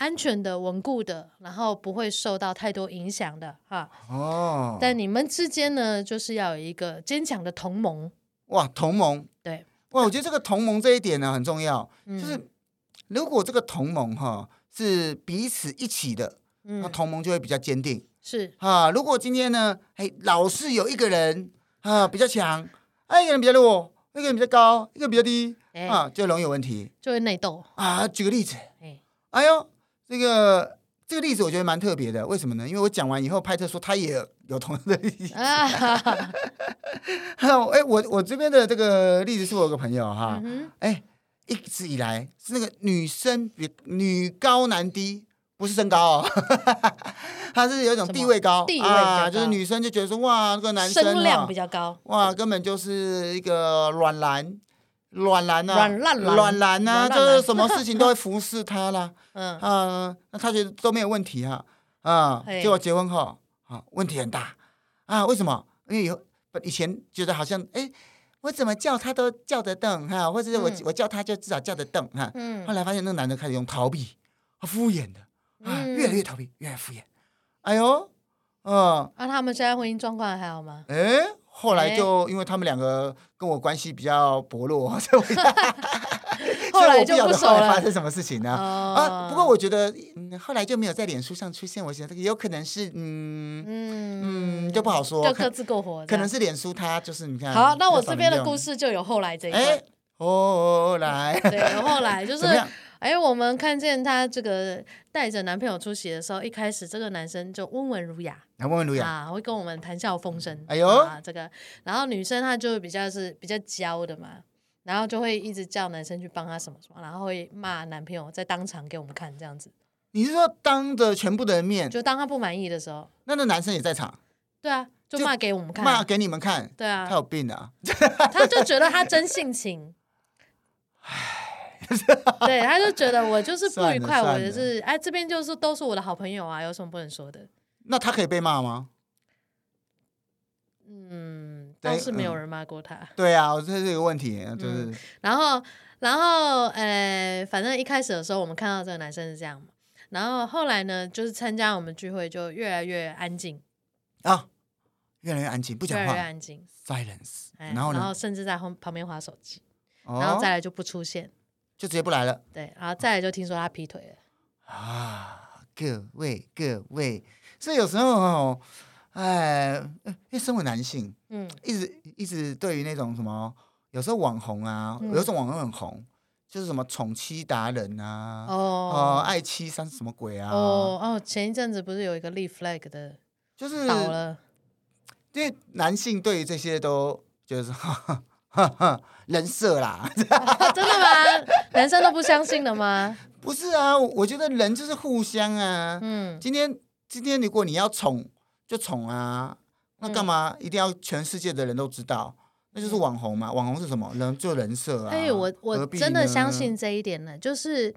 B: 安全的、穩固的，然後不會受到太多影響的，哈。
A: 哦。但你
B: 們之間呢，就是要有一個堅強的同盟。
A: 哇，同盟。對。哇，我覺得這個同盟這一點呢很重要，嗯、就是如果這個同盟哈是彼此一起的，那、嗯、同盟就會比較堅定。是。哈、啊，如果今天呢，哎，老是有一個人啊比較強，哎、啊，一個人比較弱，一個人比較高，一個人比較低、哎，啊，就容易有問題，就會內鬥啊。舉個例子，哎，哎呦。這個這個例子我覺得蠻特別的，為什麼呢？因為我講完以後，派特說他也有同樣的意思。哎、啊 欸，我我這邊的這個例子是我有個朋友哈，哎、嗯欸，一直以來是那個女生比女高男低，不是身高、哦，他 是有一種地位高，地位高、啊，就是女生就覺得說哇，那個男生量比較高、啊，哇，根本就是一個軟男。軟男啊，軟爛男啊，男啊，就是什麼事情都會服侍他啦。 嗯、呃，啊，那他覺得都沒有問題哈，啊，呃、結果結婚後，啊，問題很大啊。為什麼？因為有以，以前覺得好像，哎、欸，我怎麼叫他都叫得動哈、啊，或者我、嗯、我叫他就至少叫得動哈。啊嗯、後來發現那個男的開始用逃避，啊、敷衍的，
B: 啊，越來越逃
A: 避，越來越敷衍。哎呦，嗯、呃。
B: 那、啊、他們現在婚姻狀況還好嗎？誒、欸。後來就因
A: 為他們兩個跟我關係比較薄弱，所以我
B: 不曉得後來發生什麼
A: 事情呢、啊？哦、啊，不過我覺得、嗯、後來就沒有在臉書上出現。我覺得也有可能是嗯嗯嗯，就不好說，各自
B: 過活。可能是臉
A: 書他就是你看。好，那我這邊的故事
B: 就有後來這一段、
A: 哎。後來 對，後來
B: 就是哎，我們看見他這個帶着男朋友出席的時候，一開始這個男生就溫文儒雅。還問、啊、會跟我們談笑風生。哎呦、啊，這個，然後女生她就比較是比較嬌的嘛，然後就會一直叫男生去幫她什麼什麼，然後會罵男朋友在當場給我們看這樣子。
A: 你是說當着全部的人面？就
B: 當他不滿意的時候，
A: 那那男生也在場。
B: 對啊，就罵給我們看，罵
A: 給你們看。對啊，他有病啊！
B: 他就覺得他真性情。
A: 哎， 對，他就覺得我就是不愉快，我就是
B: 哎，這邊就是都是我的好朋友啊，有什麼不能說的？
A: 那他可以被罵嗎？嗯，
B: 但是沒有人罵過他、欸嗯。
A: 對啊，我覺得這個問題，就是、嗯。然
B: 後，然後，呃、欸，反正一開始的時候，我們看到這個男生是這樣嘛。然後後來呢，就是參加我們聚會就越來越安靜
A: 啊，越來越安靜，不講話，越來越安靜，silence。然後呢，然後
B: 甚至在旁旁邊划手機、
A: 哦，然後再來
B: 就不出現，
A: 就直接不來了。
B: 對，然後再來就聽說他劈腿了。啊，
A: 各位各位。所以有時候哦，哎，因為身為男性，嗯，一直一直對於那種什麼，有時候網紅啊、嗯，有時候網紅很紅，就是什麼寵妻達人啊，哦哦、呃，愛妻三什麼鬼啊，
B: 哦哦，前一陣子不是有一個立 flag 的，就
A: 是倒了，因為男性對於這些都就是哈哈哈，人設啦， 真
B: 的嗎？男生都不相信
A: 了嗎？ 不是啊我，我覺得人就是互相啊，嗯，今天。今天如果你要寵，就寵啊！那幹嘛、嗯、一定要全世界的人都知道？那就是網紅嘛。網紅是什麼？人就人設、啊。所以我我真的相信
B: 這一點呢。就是，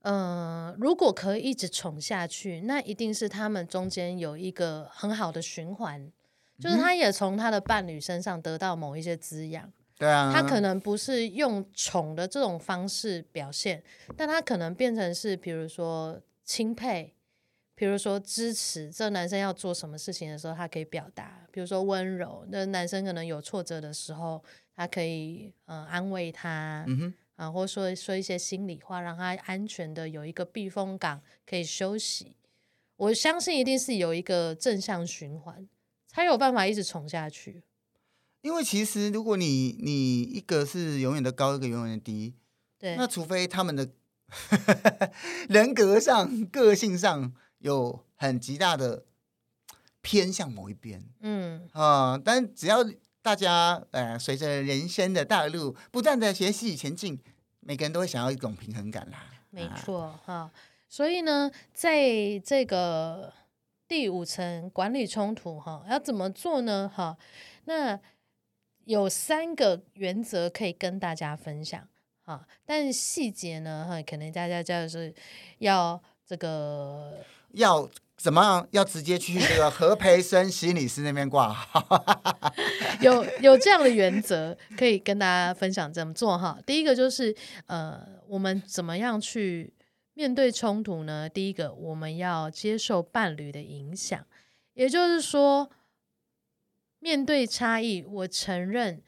B: 呃，如果可以一直寵下去，那一定是他們中間有一個很好的循環，就是他也從他的伴侶身上得到某一些滋養、嗯。
A: 對啊，他可能
B: 不是用寵的這種方式表現，但他可能變成是，比如說欽佩。比如說支持這男生要做什麼事情的時候，他可以表達；比如說溫柔，那男生可能有挫折的時候，他可以嗯、呃、安慰他，嗯、哼啊，或者說說一些心裡話，讓他安全的有一個避風港可以休息。我相信一定是有一個正向循環，才有辦法一直寵下去。
A: 因為其實如果你你一個是永遠的高，一個永遠的低，對，那除非他們的 人格上、個性上。有很極大的偏向某一邊，嗯，啊，呃，但只要大家哎，呃，隨著人生的道路不斷的學習前進，每個人都會想要一種平衡感啦。沒錯，
B: 哈，啊，哦，所以呢，在這個第五層管理衝突，哈，哦，要怎麼做呢？哈，哦，那有三個原則可以跟大家分享，哦，但細節呢，哈，哦，可能大家就是要這個。要
A: 怎麼樣？要直接去這個何培申心理師那邊掛
B: 號？ 有有，這樣的原則可以跟大家分享這麼做哈。第一個就是呃，我們怎麼樣去面對衝突呢？第一個，我們要接受伴侶的影響，也就是說，面對差異，我承認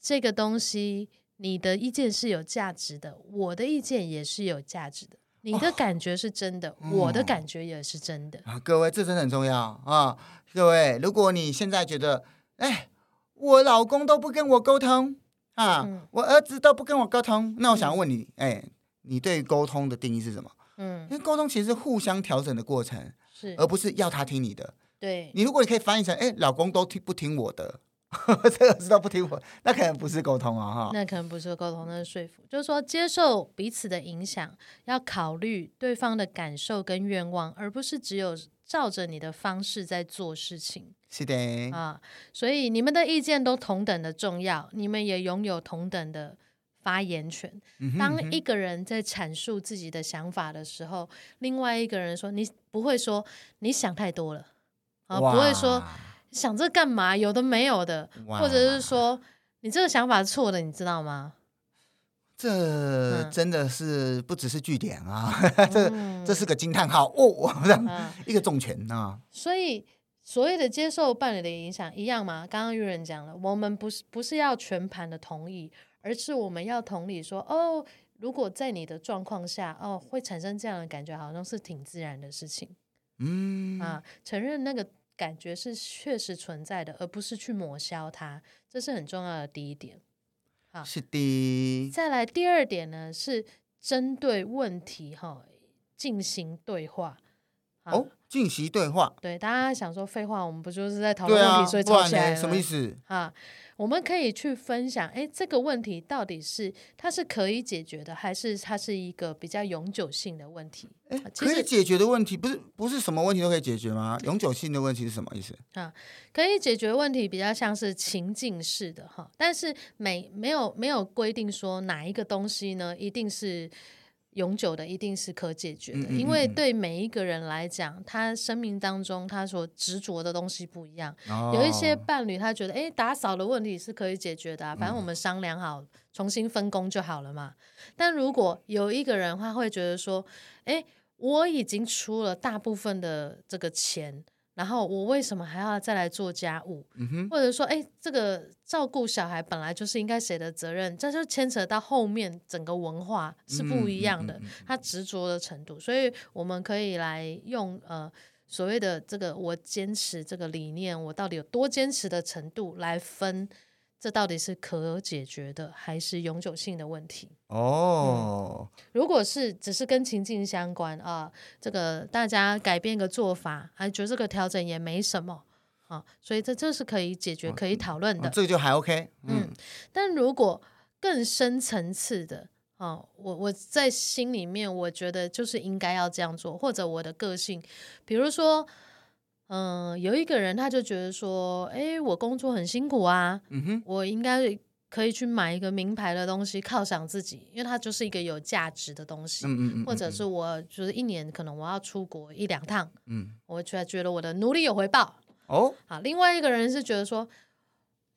B: 這個東西，你的意見是有價值的，我的意見也是有價值的。你的感覺是真的、哦嗯，我的感覺也是真的。
A: 啊、各位，這真的很重要啊！各位，如果你現在覺得，哎、欸，我老公都不跟我溝通啊、嗯，我兒子都不跟我溝通，那我想問你，哎、嗯欸，你對於溝通的定義是什麼？嗯，因為溝通其實是互相調整的過程，是而不是要他聽你的。對，你如果你可以翻譯成，哎、欸，老公都聽不聽我的？ 這個知道不聽我，那可能不是溝通啊，哦，哈，那
B: 可能不是溝通，那是說服。就是說，接受彼此的影響，要考慮對方的感受跟願望，而不是只有照着你的方式在做事情。
A: 是的，啊，
B: 所以你們的意見都同等的重要，你們也擁有同等的發言權。嗯哼嗯哼，當一個人在闡述自己的想法的時候，另外一個人說，你不會說你想太多了啊，不會說。想這幹嘛？有的沒有的，或者是說你這個想法是錯的，你知道嗎？
A: 這真的是不只是句點啊！嗯、呵呵這這是個驚嘆號哦、啊，一個重拳吶、啊！
B: 所以所謂的接受伴侶的影響一樣嗎？剛剛譽仁講了，我們不是不是要全盤的同意，而是我們要同理說哦，如果在你的狀況下哦，會產生這樣的感覺，好像是挺自然的事情。嗯啊，承認那個。感覺是確實存在的，而不是去抹消它，這是很重要的第一點。好，
A: 是的。
B: 再來第二點呢，是針對問題哈，進行對話。
A: 哦，進行對話。
B: 對，大家想說廢話，我們不就是在討論問題，啊、所以吵起來？什麼意思啊？我們可以去分享，哎、欸，這個問題到底是它是可以解決的，還是它是一個比較永久性的問題？欸、
A: 其實可以解決的問題，不是不是什麼問題都可以解決嗎？永久性的問題是什麼意思
B: 啊？可以解決問題比較像是情境式的哈，但是沒沒有沒有規定說哪一個東西呢一定是。永久的一定是可解決的，嗯嗯嗯，因為對每一個人來講，他生命當中他所執着的東西不一樣。哦、有一些伴侶，他覺得，哎、欸，打掃的問題是可以解決的，啊，反正我們商量好，嗯，重新分工就好了嘛。但如果有一個人，他會覺得說，哎、欸，我已經出了大部分的這個錢。然後我為什麼還要再來做家務、嗯？或者說，誒，這個照顧小孩本來就是應該誰的責任？這就牽扯到後面整個文化是不一樣的、嗯，他執着的程度。所以我們可以來用呃所謂的這個我堅持這個理念，我到底有多堅持的程度來分。這到底是可解決的，還是永久性的問題？
A: 哦，嗯、
B: 如果是只是跟情境相關啊、呃，這個大家改變一個做法，還覺得這個調整也沒什麼啊、呃，所以這這是可以解決、哦、可以討論的，哦、這
A: 個就還 OK 嗯。嗯，
B: 但如果更深層次的啊、呃，我我在心裡面我覺得就是應該要這樣做，或者我的個性，比如說。嗯，有一個人他就覺得說，哎、欸，我工作很辛苦啊，嗯哼，我應該可以去買一個名牌的東西，犒賞自己，因為它就是一個有價值的東西。嗯，嗯，嗯，嗯，嗯，或者是我就是一年可能我要出國一兩趟，嗯，我覺覺得我的努力有回報。哦，好，另外一個人是覺得說。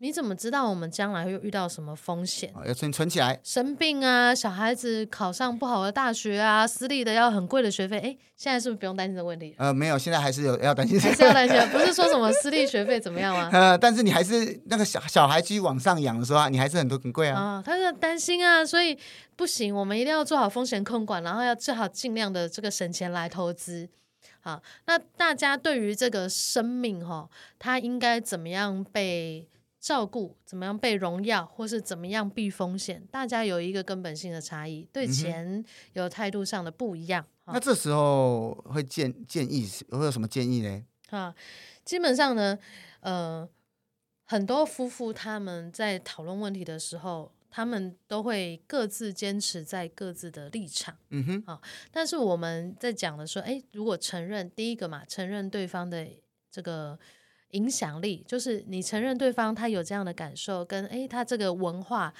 B: 你怎麼知道我們將來會遇到什麼風險？哦、要
A: 存存起來。
B: 生病啊，小孩子考上不好的大學啊，私立的要很貴的學費。誒，現在是不是不用擔心這個問題？
A: 呃，沒有，現在還是有要擔心。還是要擔心、啊，不是
B: 說什麼私立學費怎麼樣啊。
A: 呃，但是你還是那個小小孩繼續往上養的時候啊，你還是很多很貴啊。啊、哦，
B: 他是擔心啊，所以不行，我們一定要做好風險控管，然後要最好盡量的這個省錢來投資。好，那大家對於這個生命哈、哦，它應該怎麼樣被？照顧怎麼樣被榮耀，或是怎麼樣避風險，大家有一個根本性的差異，對錢有態度上的不一樣。
A: 嗯、那這時候會建建議會有什麼建議呢？
B: 啊，基本上呢，呃，很多夫婦他們在討論問題的時候，他們都會各自堅持在各自的立場。嗯哼，啊，但是我們在講的時候，誒，如果承認第一個嘛，承認對方的這個。影響力就是你承認對方他有這樣的感受，跟誒、欸、他這個文化，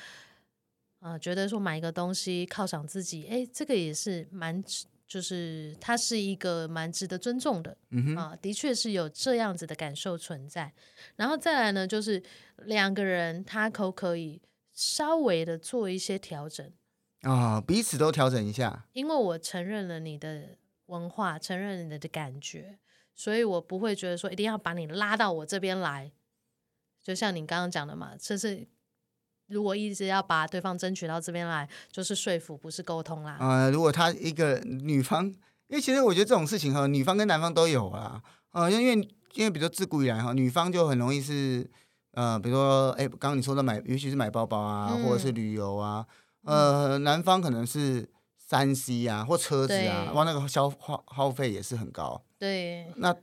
B: 啊、呃，覺得說買一個東西犒賞自己，誒、欸，這個也是蠻，就是他是一個蠻值得尊重的，嗯、啊，的確是有這樣子的感受存在。然後再來呢，就是兩個人他可不可以稍微的做一些調整
A: 啊、哦，彼此都調整一下，
B: 因為我承認了你的文化，承認你的感覺。所以我不會覺得說一定要把你拉到我這邊來，就像你剛剛講的嘛，就是如果一直要把對方爭取到這邊來，就是說服，不是溝通啦。呃，
A: 如果他一個女方，因為其實我覺得這種事情哈，女方跟男方都有啦。呃，因為因為比如說自古以來哈，女方就很容易是呃，比如說哎，剛剛你說的買，尤其是買包包啊，嗯、或者是旅遊啊，呃，嗯、男方可能是 3C 啊或車子啊，哇，然後那個消耗耗費也是很高。
B: 對，那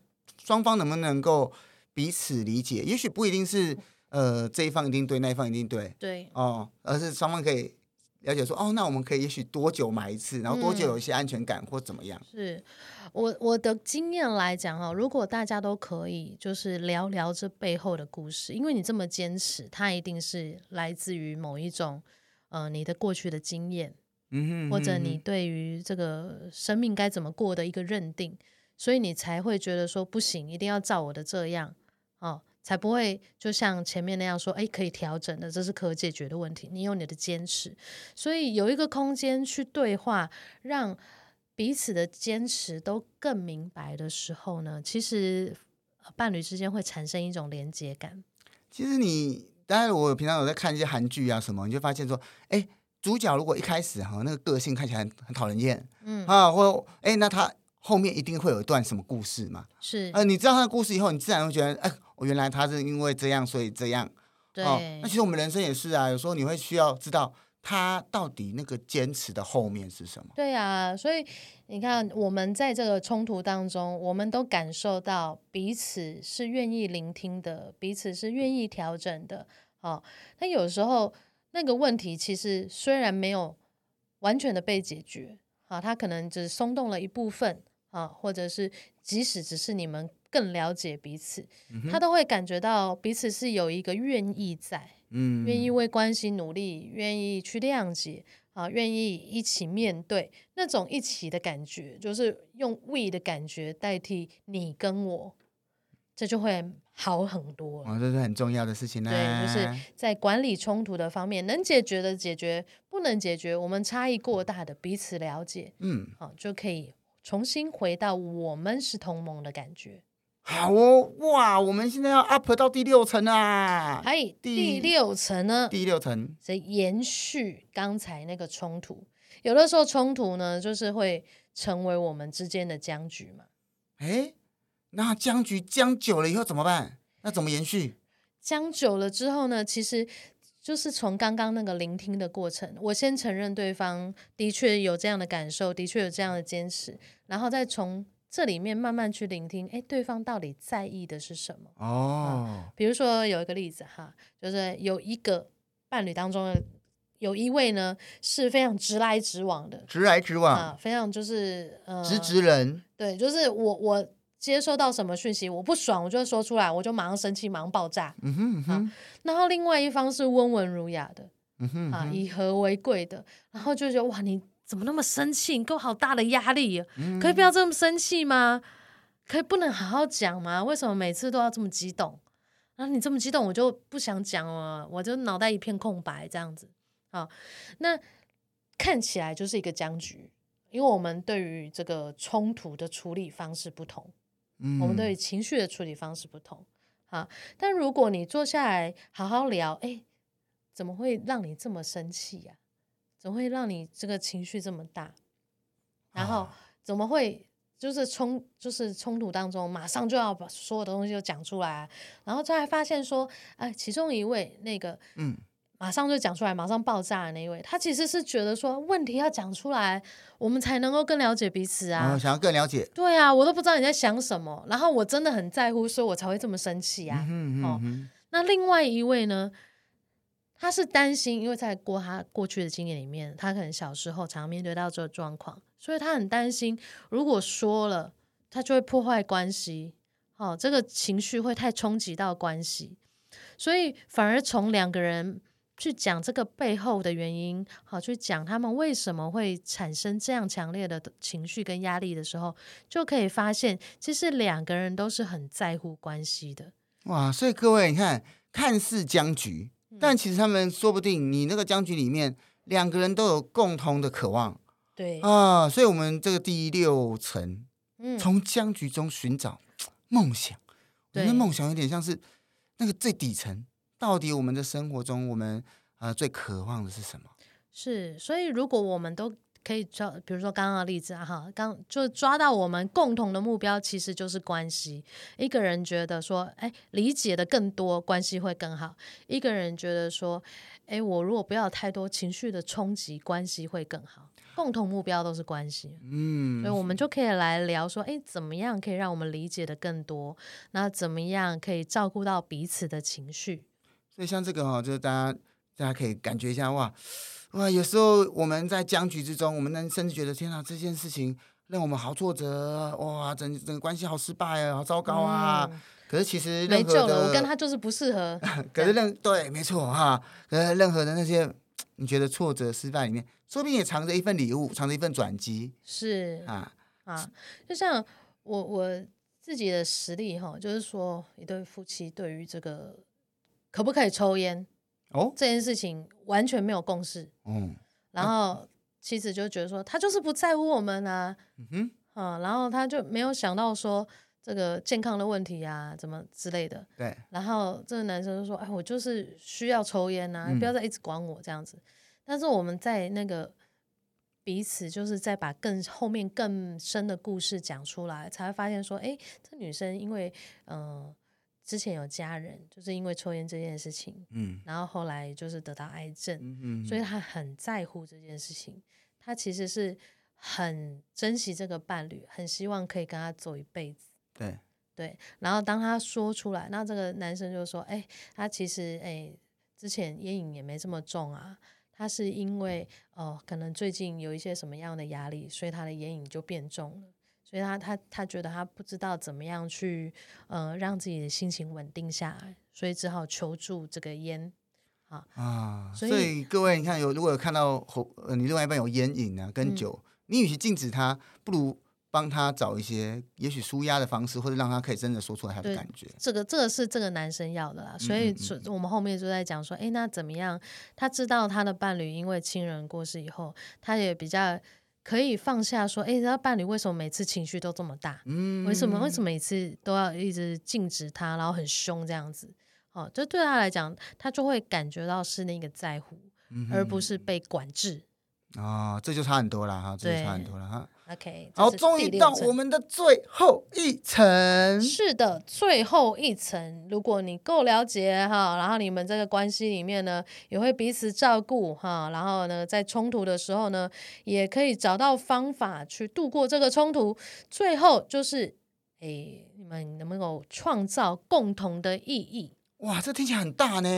A: 雙方能不能夠彼此理解？也許不一定是呃這一方一定對，那一方一定對。對哦，而是雙方可以了解說，哦，那我們可以也許多久買一次，然後多久有一些安全感，嗯，或怎麼樣？
B: 是我我的經驗來講哦，如果大家都可以就是聊聊這背後的故事，因為你這麼堅持，它一定是來自於某一種呃你的過去的經驗，嗯哼嗯哼嗯哼，或者你對於這個生命該怎麼過的一個認定。所以你才會覺得說不行，一定要照我的這樣，哦，才不會就像前面那樣說，哎，可以調整的，這是可解決的問題。你有你的堅持，所以有一個空間去對話，讓彼此的堅持都更明白的時候呢，其實伴侶之間會產生一種連接感。
A: 其實你，當然我平常有在看一些韓劇啊什麼，你就發現說，哎，主角如果一開始哈那個個性看起來很討人厭，嗯啊，或哎那他。後面一定會有一段什麼故事嘛？是，呃，你知道他的故事以後，你自然會覺得，哎，原來他是因為這樣，所以這樣。
B: 對、哦，那
A: 其實我們人生也是啊，有時候你會需要知道他到底那個堅持的後面是什麼。
B: 對啊，所以你看，我們在這個衝突當中，我們都感受到彼此是願意聆聽的，彼此是願意調整的。好、哦，那有時候那個問題其實雖然沒有完全的被解決，好、哦，他可能只是鬆動了一部分。啊，或者是即使只是你們更了解彼此、嗯，他都會感覺到彼此是有一個願意在，嗯，願意為關係努力，願意去諒解，啊，願意一起面對那種一起的感覺，就是用 “we” 的感覺代替你跟我，這就會好很多。
A: 啊、哦，這是很重要的事情、啊、對，就是
B: 在管理衝突的方面，能解決的解決，不能解決我們差異過大的彼此了解，嗯，啊、就可以。重新回到我們是同盟的感覺，
A: 好哦，哇，我們現在要 up 到第六層啊！還
B: 第，第六層呢？第六層，所以延續剛才那個衝突。有的時候衝突呢，就是會成為我們之間的僵局嘛。
A: 誒，那僵局僵久了以後怎麼辦？那怎麼延續？
B: 僵久了之後呢？其實。就是從剛剛那個聆聽的過程，我先承認對方的確有這樣的感受，的確有這樣的堅持，然後再從這裡面慢慢去聆聽，哎，對方到底在意的是什麼？哦，啊、比如說有一個例子哈，就是有一個伴侶當中的，有一位呢是非常直來直往的，
A: 直來直往，啊、
B: 非常就是呃，直直人，對，就是我我。接收到什麼訊息，我不爽，我就說出來，我就馬上生氣，馬上爆炸。嗯哼，嗯哼、啊，然後另外一方是溫文儒雅的，嗯哼，嗯哼，啊，以和為貴的，然後就覺得哇，你怎麼那麼生氣？你給我好大的壓力啊，嗯，可以不要這麼生氣嗎？可以不能好好講嗎？為什麼每次都要這麼激動？然後你這麼激動，我就不想講了，我就腦袋一片空白，這樣子。啊，那看起來就是一個僵局，因為我們對於這個衝突的處理方式不同。嗯、我們對情緒的處理方式不同啊。好，但如果你坐下來好好聊，誒、欸，怎麼會讓你這麼生氣呀，啊？怎麼會讓你這個情緒這麼大？然後怎麼會就是衝就是衝突當中，馬上就要把所有的東西都講出來，啊？然後再來發現說，哎、欸，其中一位那個、嗯馬上就講出來，馬上爆炸的那一位，他其實是覺得說問題要講出來，我們才能夠更了解彼此啊。嗯，想
A: 要更了解，
B: 對啊，我都不知道你在想什麼，然後我真的很在乎，所以我才會這麼生氣啊。嗯哼嗯哼。哦，那另外一位呢，他是擔心，因為在過他過去的經驗裡面，他可能小時候常面對到這個狀況，所以他很擔心，如果說了，他就會破壞關係，哦，這個情緒會太衝擊到關係，所以反而從兩個人。去講這個背後的原因，好，去講他們為什麼會產生這樣強烈的情緒跟壓力的時候，就可以發現，其實兩個人都是很在乎關係的。
A: 哇，所以各位，你看，看似僵局，但其實他們說不定，你那個僵局裡面，兩個人都有共同的渴望。對啊，所以我們這個第六層，嗯，從僵局中尋找、嗯、夢想，
B: 我的夢
A: 想有點像是那個最底層。到底我們的生活中，我們呃最渴望的是什麼？
B: 是，所以如果我們都可以叫，比如說剛剛的例子啊，哈，剛就抓到我們共同的目標，其實就是關係。一個人覺得說，哎，理解的更多，關係會更好；一個人覺得說，哎，我如果不要太多情緒的衝擊，關係會更好。共同目標都是關係，嗯，
A: 所以我們
B: 就可以來聊說，哎，怎麼樣可以讓我們理解的更多？那怎麼樣可以照顧到彼此的情緒？
A: 所以像這個哈、哦，就是大家大家可以感覺一下哇哇，有時候我們在僵局之中，我們能甚至覺得天啊，這件事情讓我們好挫折哇，整整個關係好失敗啊，好糟糕啊。嗯、可是其實沒救了，我跟他
B: 就是不適合。
A: 可是任對，對，沒錯哈，可是任何的那些你覺得挫折失敗裡面，說不定也藏着一份禮物，藏着一份轉機。是啊
B: 啊，就像我我自己的實力哈，就是說一對夫妻對於這個。可不可以抽菸？Oh? 這件事情完全沒有共識。嗯、oh.，然後妻子就覺得說，他就是不在乎我們啊。嗯、mm -hmm.，啊，然後他就沒有想到說這個健康的問題啊，怎麼之類的。對。然後這個男生就說：“哎，我就是需要抽菸啊，你、mm -hmm. 不要再一直管我這樣子。”但是我們在那個彼此就是在把更後面更深的故事講出來，才會發現說，哎，這女生因為嗯。呃之前有家人就是因為抽煙這件事情，嗯，然後後來就是得到癌症，嗯哼哼，所以他很在乎這件事情。他其實是很珍惜這個伴侶，很希望可以跟他走一輩子。對對。然後當他說出來，那這個男生就說：“哎，他其實哎，之前煙癮也沒這麼重啊。他是因為、嗯、哦，可能最近有一些什麼樣的壓力，所以他的煙癮就變重了。”所以他他他覺得他不知道怎麼樣去呃讓自己的心情穩定下來，所以只好求助這個煙好啊啊，
A: 所以各位你看有如果有看到侯呃你另外一半有煙癮呢、啊、跟酒，嗯、你與其禁止他，不如幫他找一些也許舒壓的方式，或者讓他可以真的說出來他的感覺。
B: 這個這個是這個男生要的啦，所以我們後面就在講說，哎、嗯嗯嗯欸、那怎麼樣？他知道他的伴侶因為親人過世以後，他也比較。可以放下說，哎，欸，那伴侶為什麼每次情緒都這麼大？嗯，為什麼為什麼每次都要一直禁止他，然後很凶這樣子？哦，就對他來講，他就會感覺到是那個在乎，嗯，而不是被管制。
A: 哦，這就差很多了哈，這就差很多了哈。OK，好，終於到我
B: 們的最後一層。是的，最後一層。如果你夠了解哈，然後你們這個關係裡面呢，也會彼此照顧哈，然後呢，在衝突的時候呢，也可以找到方法去度過這個衝突。最後就是，誒、哎，你們能不能夠創造共同的意義？
A: 哇，這聽起來很大呢。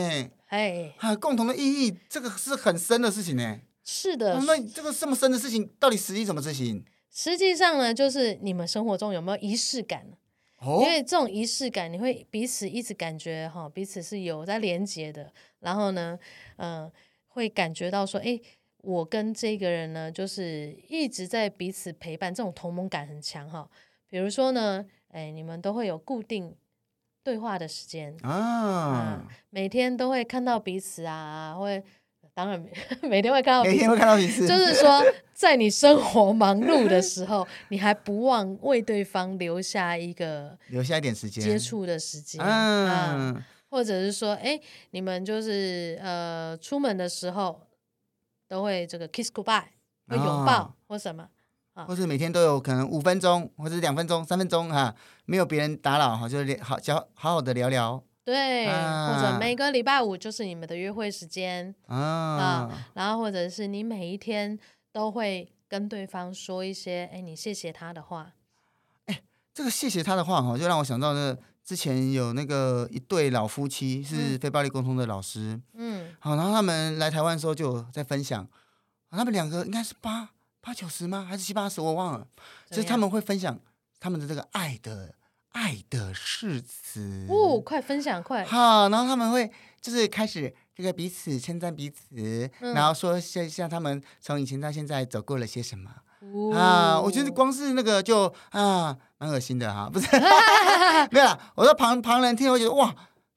A: 哎，哎共同的意義，這個是很深的事情呢。是的，啊、那這個這麼深的事情，到底實際怎麼執行？
B: 實際上呢，就是你們生活中有沒有儀式感，oh? 因為這種儀式感，你會彼此一直感覺哈，彼此是有在連接的。然後呢，嗯、呃，會感覺到說，哎，我跟這個人呢，就是一直在彼此陪伴，這種同盟感很強哈。比如說呢，哎，你們都會有固定對話的時間，oh. 啊，每天都會看到彼此啊，會。當然每，每天會看到，每天會看到一次。就是說，在你生活忙碌的時候， 你還不忘為對方留下一個
A: 留下一點時間接觸的時間。
B: 嗯，或者是說，哎，你們就是呃，出門的時候都會這個 kiss goodbye，會擁抱、哦、或什麼啊、嗯，或是
A: 每天都有可能五分鐘，或者兩分鐘、三分鐘哈，沒有別人打擾，哈，就是好好好好的聊聊。對、啊，或者每
B: 個禮拜五就是你們的約會時間
A: 啊，啊，
B: 然後或者是你每一天都會跟對方說一些，哎，你謝謝他的話。
A: 哎，這個謝謝他的話哈，就讓我想到那、這個、之前有那個一對老夫妻是非暴力溝通的老師，嗯，好、嗯，然後他們來台灣的時候就在分享、啊，他們兩個應該是八八九十嗎？還是七八十？我忘了，就是他們會分享他們的這個愛的。愛的誓詞。哦，
B: 快分享，快。
A: 好，然後他們會就是開始這個彼此稱讚彼此、嗯，然後說像像他們從以前到現在走過了些什麼、哦、啊，我覺得光是那個就啊蠻噁心的哈、啊，不是 沒有啦，我說旁旁人聽了會覺得哇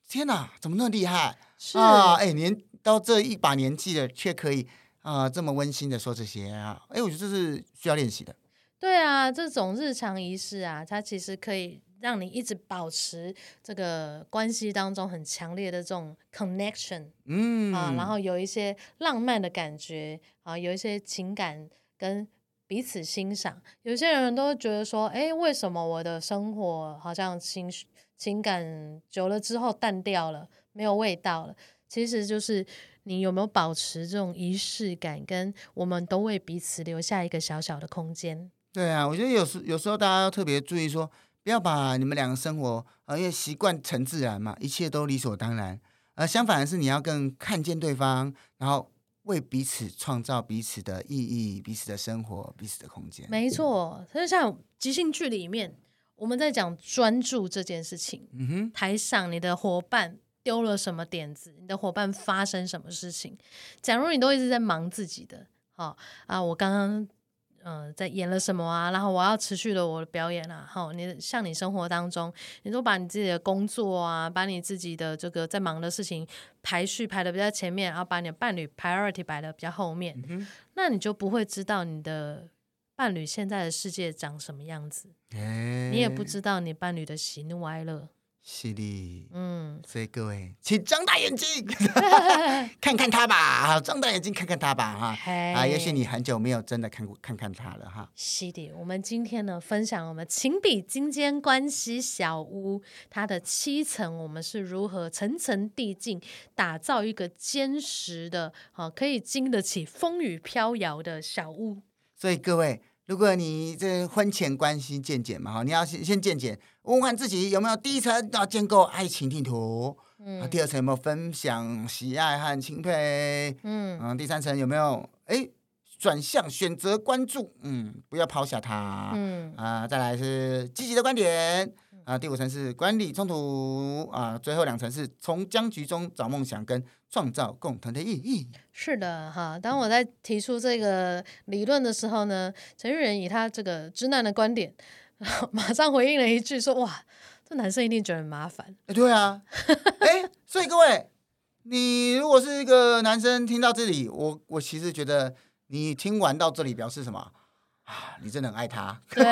A: 天哪，怎麼那麼厲害？是啊，哎、欸、年到這一把年紀了卻可以啊、呃、這麼溫馨的說這些啊，哎、欸、我覺得這是需要練習的，
B: 對啊，這種日常儀式啊，它其實可以。讓你一直保持這個關係當中很強烈的這種 connection，
A: 嗯啊，然後
B: 有一些浪漫的感覺啊，有一些情感跟彼此欣賞。有些人都覺得說，哎，為什麼我的生活好像情情感久了之後淡掉了，沒有味道了？其實就是你有沒有保持這種儀式感，跟我們都為彼此留下一個小小的空間。
A: 對啊，我覺得有時有時候大家要特別注意說。不要把你們兩個生活，呃，因為習慣成自然嘛，一切都理所當然。而、呃、相反的是，你要更看見對方，然後為彼此創造彼此的意義、彼此的生活、彼此的空間。沒
B: 錯，就像即興劇裡面，我們在講專注這件事情。嗯哼，台上你的夥伴丟了什麼點子，你的夥伴發生什麼事情，假如你都一直在忙自己的，好啊，我剛剛。嗯、呃，在演了什麼啊？然後我要持續了我的表演啊。好，你像你生活當中，你都把你自己的工作啊，把你自己的這個在忙的事情排序排的比較前面，然後把你的伴侶 priority 擺的比較後面，嗯，那你就不會知道你的伴侶現在的世界長什麼樣子，
A: 嗯、你也不知
B: 道你伴侶的喜怒哀樂。
A: 犀利，嗯，所以各位，請睜大， 大眼睛看看他吧，好，睜大眼睛看看他吧，哈，啊，也許你很久沒有真的看過看看他了，哈。
B: 犀利，我們今天呢，分享我們情比金堅關係小屋，它的七層，我們是如何層層遞進，打造一個堅實的，哈，可以經得起風雨飄搖的小屋。
A: 所以各位。如果你這婚前關係健檢嘛，哈，你要先先健檢，問問自己有沒有，第一層要建構愛情地圖，嗯，第二層有沒有分享喜愛和欽佩，嗯，第三層有沒有哎，欸，轉向選擇關注，嗯，不要拋下他，嗯，啊，再來是積極的觀點。啊，第五層是管理衝突，啊，最後兩層是從僵局中找夢想跟創造共同的意義。
B: 是的，哈，當我在提出這個理論的時候呢，陳譽仁以他這個直男的觀點，然後馬上回應了一句說：“哇，這男生一定覺得很麻煩。”欸，
A: 哎，對啊，哎、欸，所以各位， 你如果是一個男生聽到這裡，我我其實覺得你聽完到這裡表示什麼？啊，你真的很愛他，
B: 對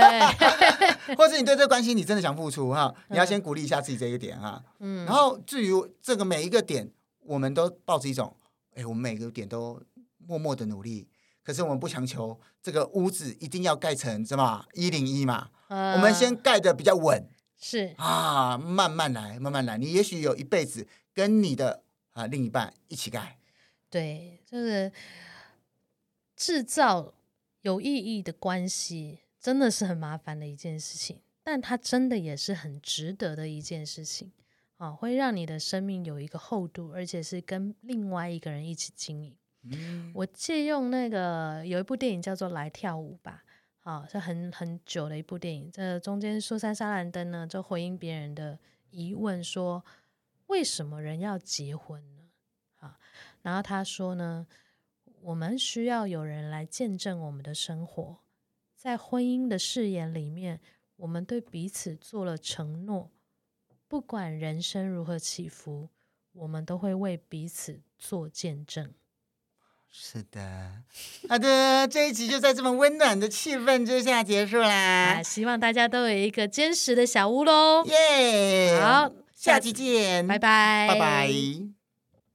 A: 或者你對這個關係你真的想付出哈、啊，你要先鼓勵一下自己這一點哈、啊。嗯，然後至於這個每一個點，我們都抱着一種，哎、欸，我們每個點都默默的努力，可是我們不強求這個屋子一定要蓋成什麼一零一嘛，嗯、我們先蓋得比較穩，
B: 是啊，
A: 慢慢來，慢慢來，你也許有一輩子跟你的啊另一半一起蓋，
B: 對，就是制造。有意義的關係真的是很麻煩的一件事情，但它真的也是很值得的一件事情，啊，會讓你的生命有一個厚度，而且是跟另外一個人一起經營。嗯。我借用那個有一部電影叫做《來跳舞吧》，啊，是很很久的一部電影。這中間蘇珊·莎蘭登呢就回應別人的疑問說：“為什麼人要結婚呢？”啊，然後他說呢。我們需要有人來見證我們的生活，在婚姻的誓言裡面，我們對彼此做了承諾，不管人生如何起伏，我們都會為彼此做見證。
A: 是的，
B: 好、啊、的，這一集就在這麼溫暖的氣氛之下結束啦、 啊。希望大家都有一個堅實的小屋嘍。耶、yeah，好，下期見，拜拜，拜拜。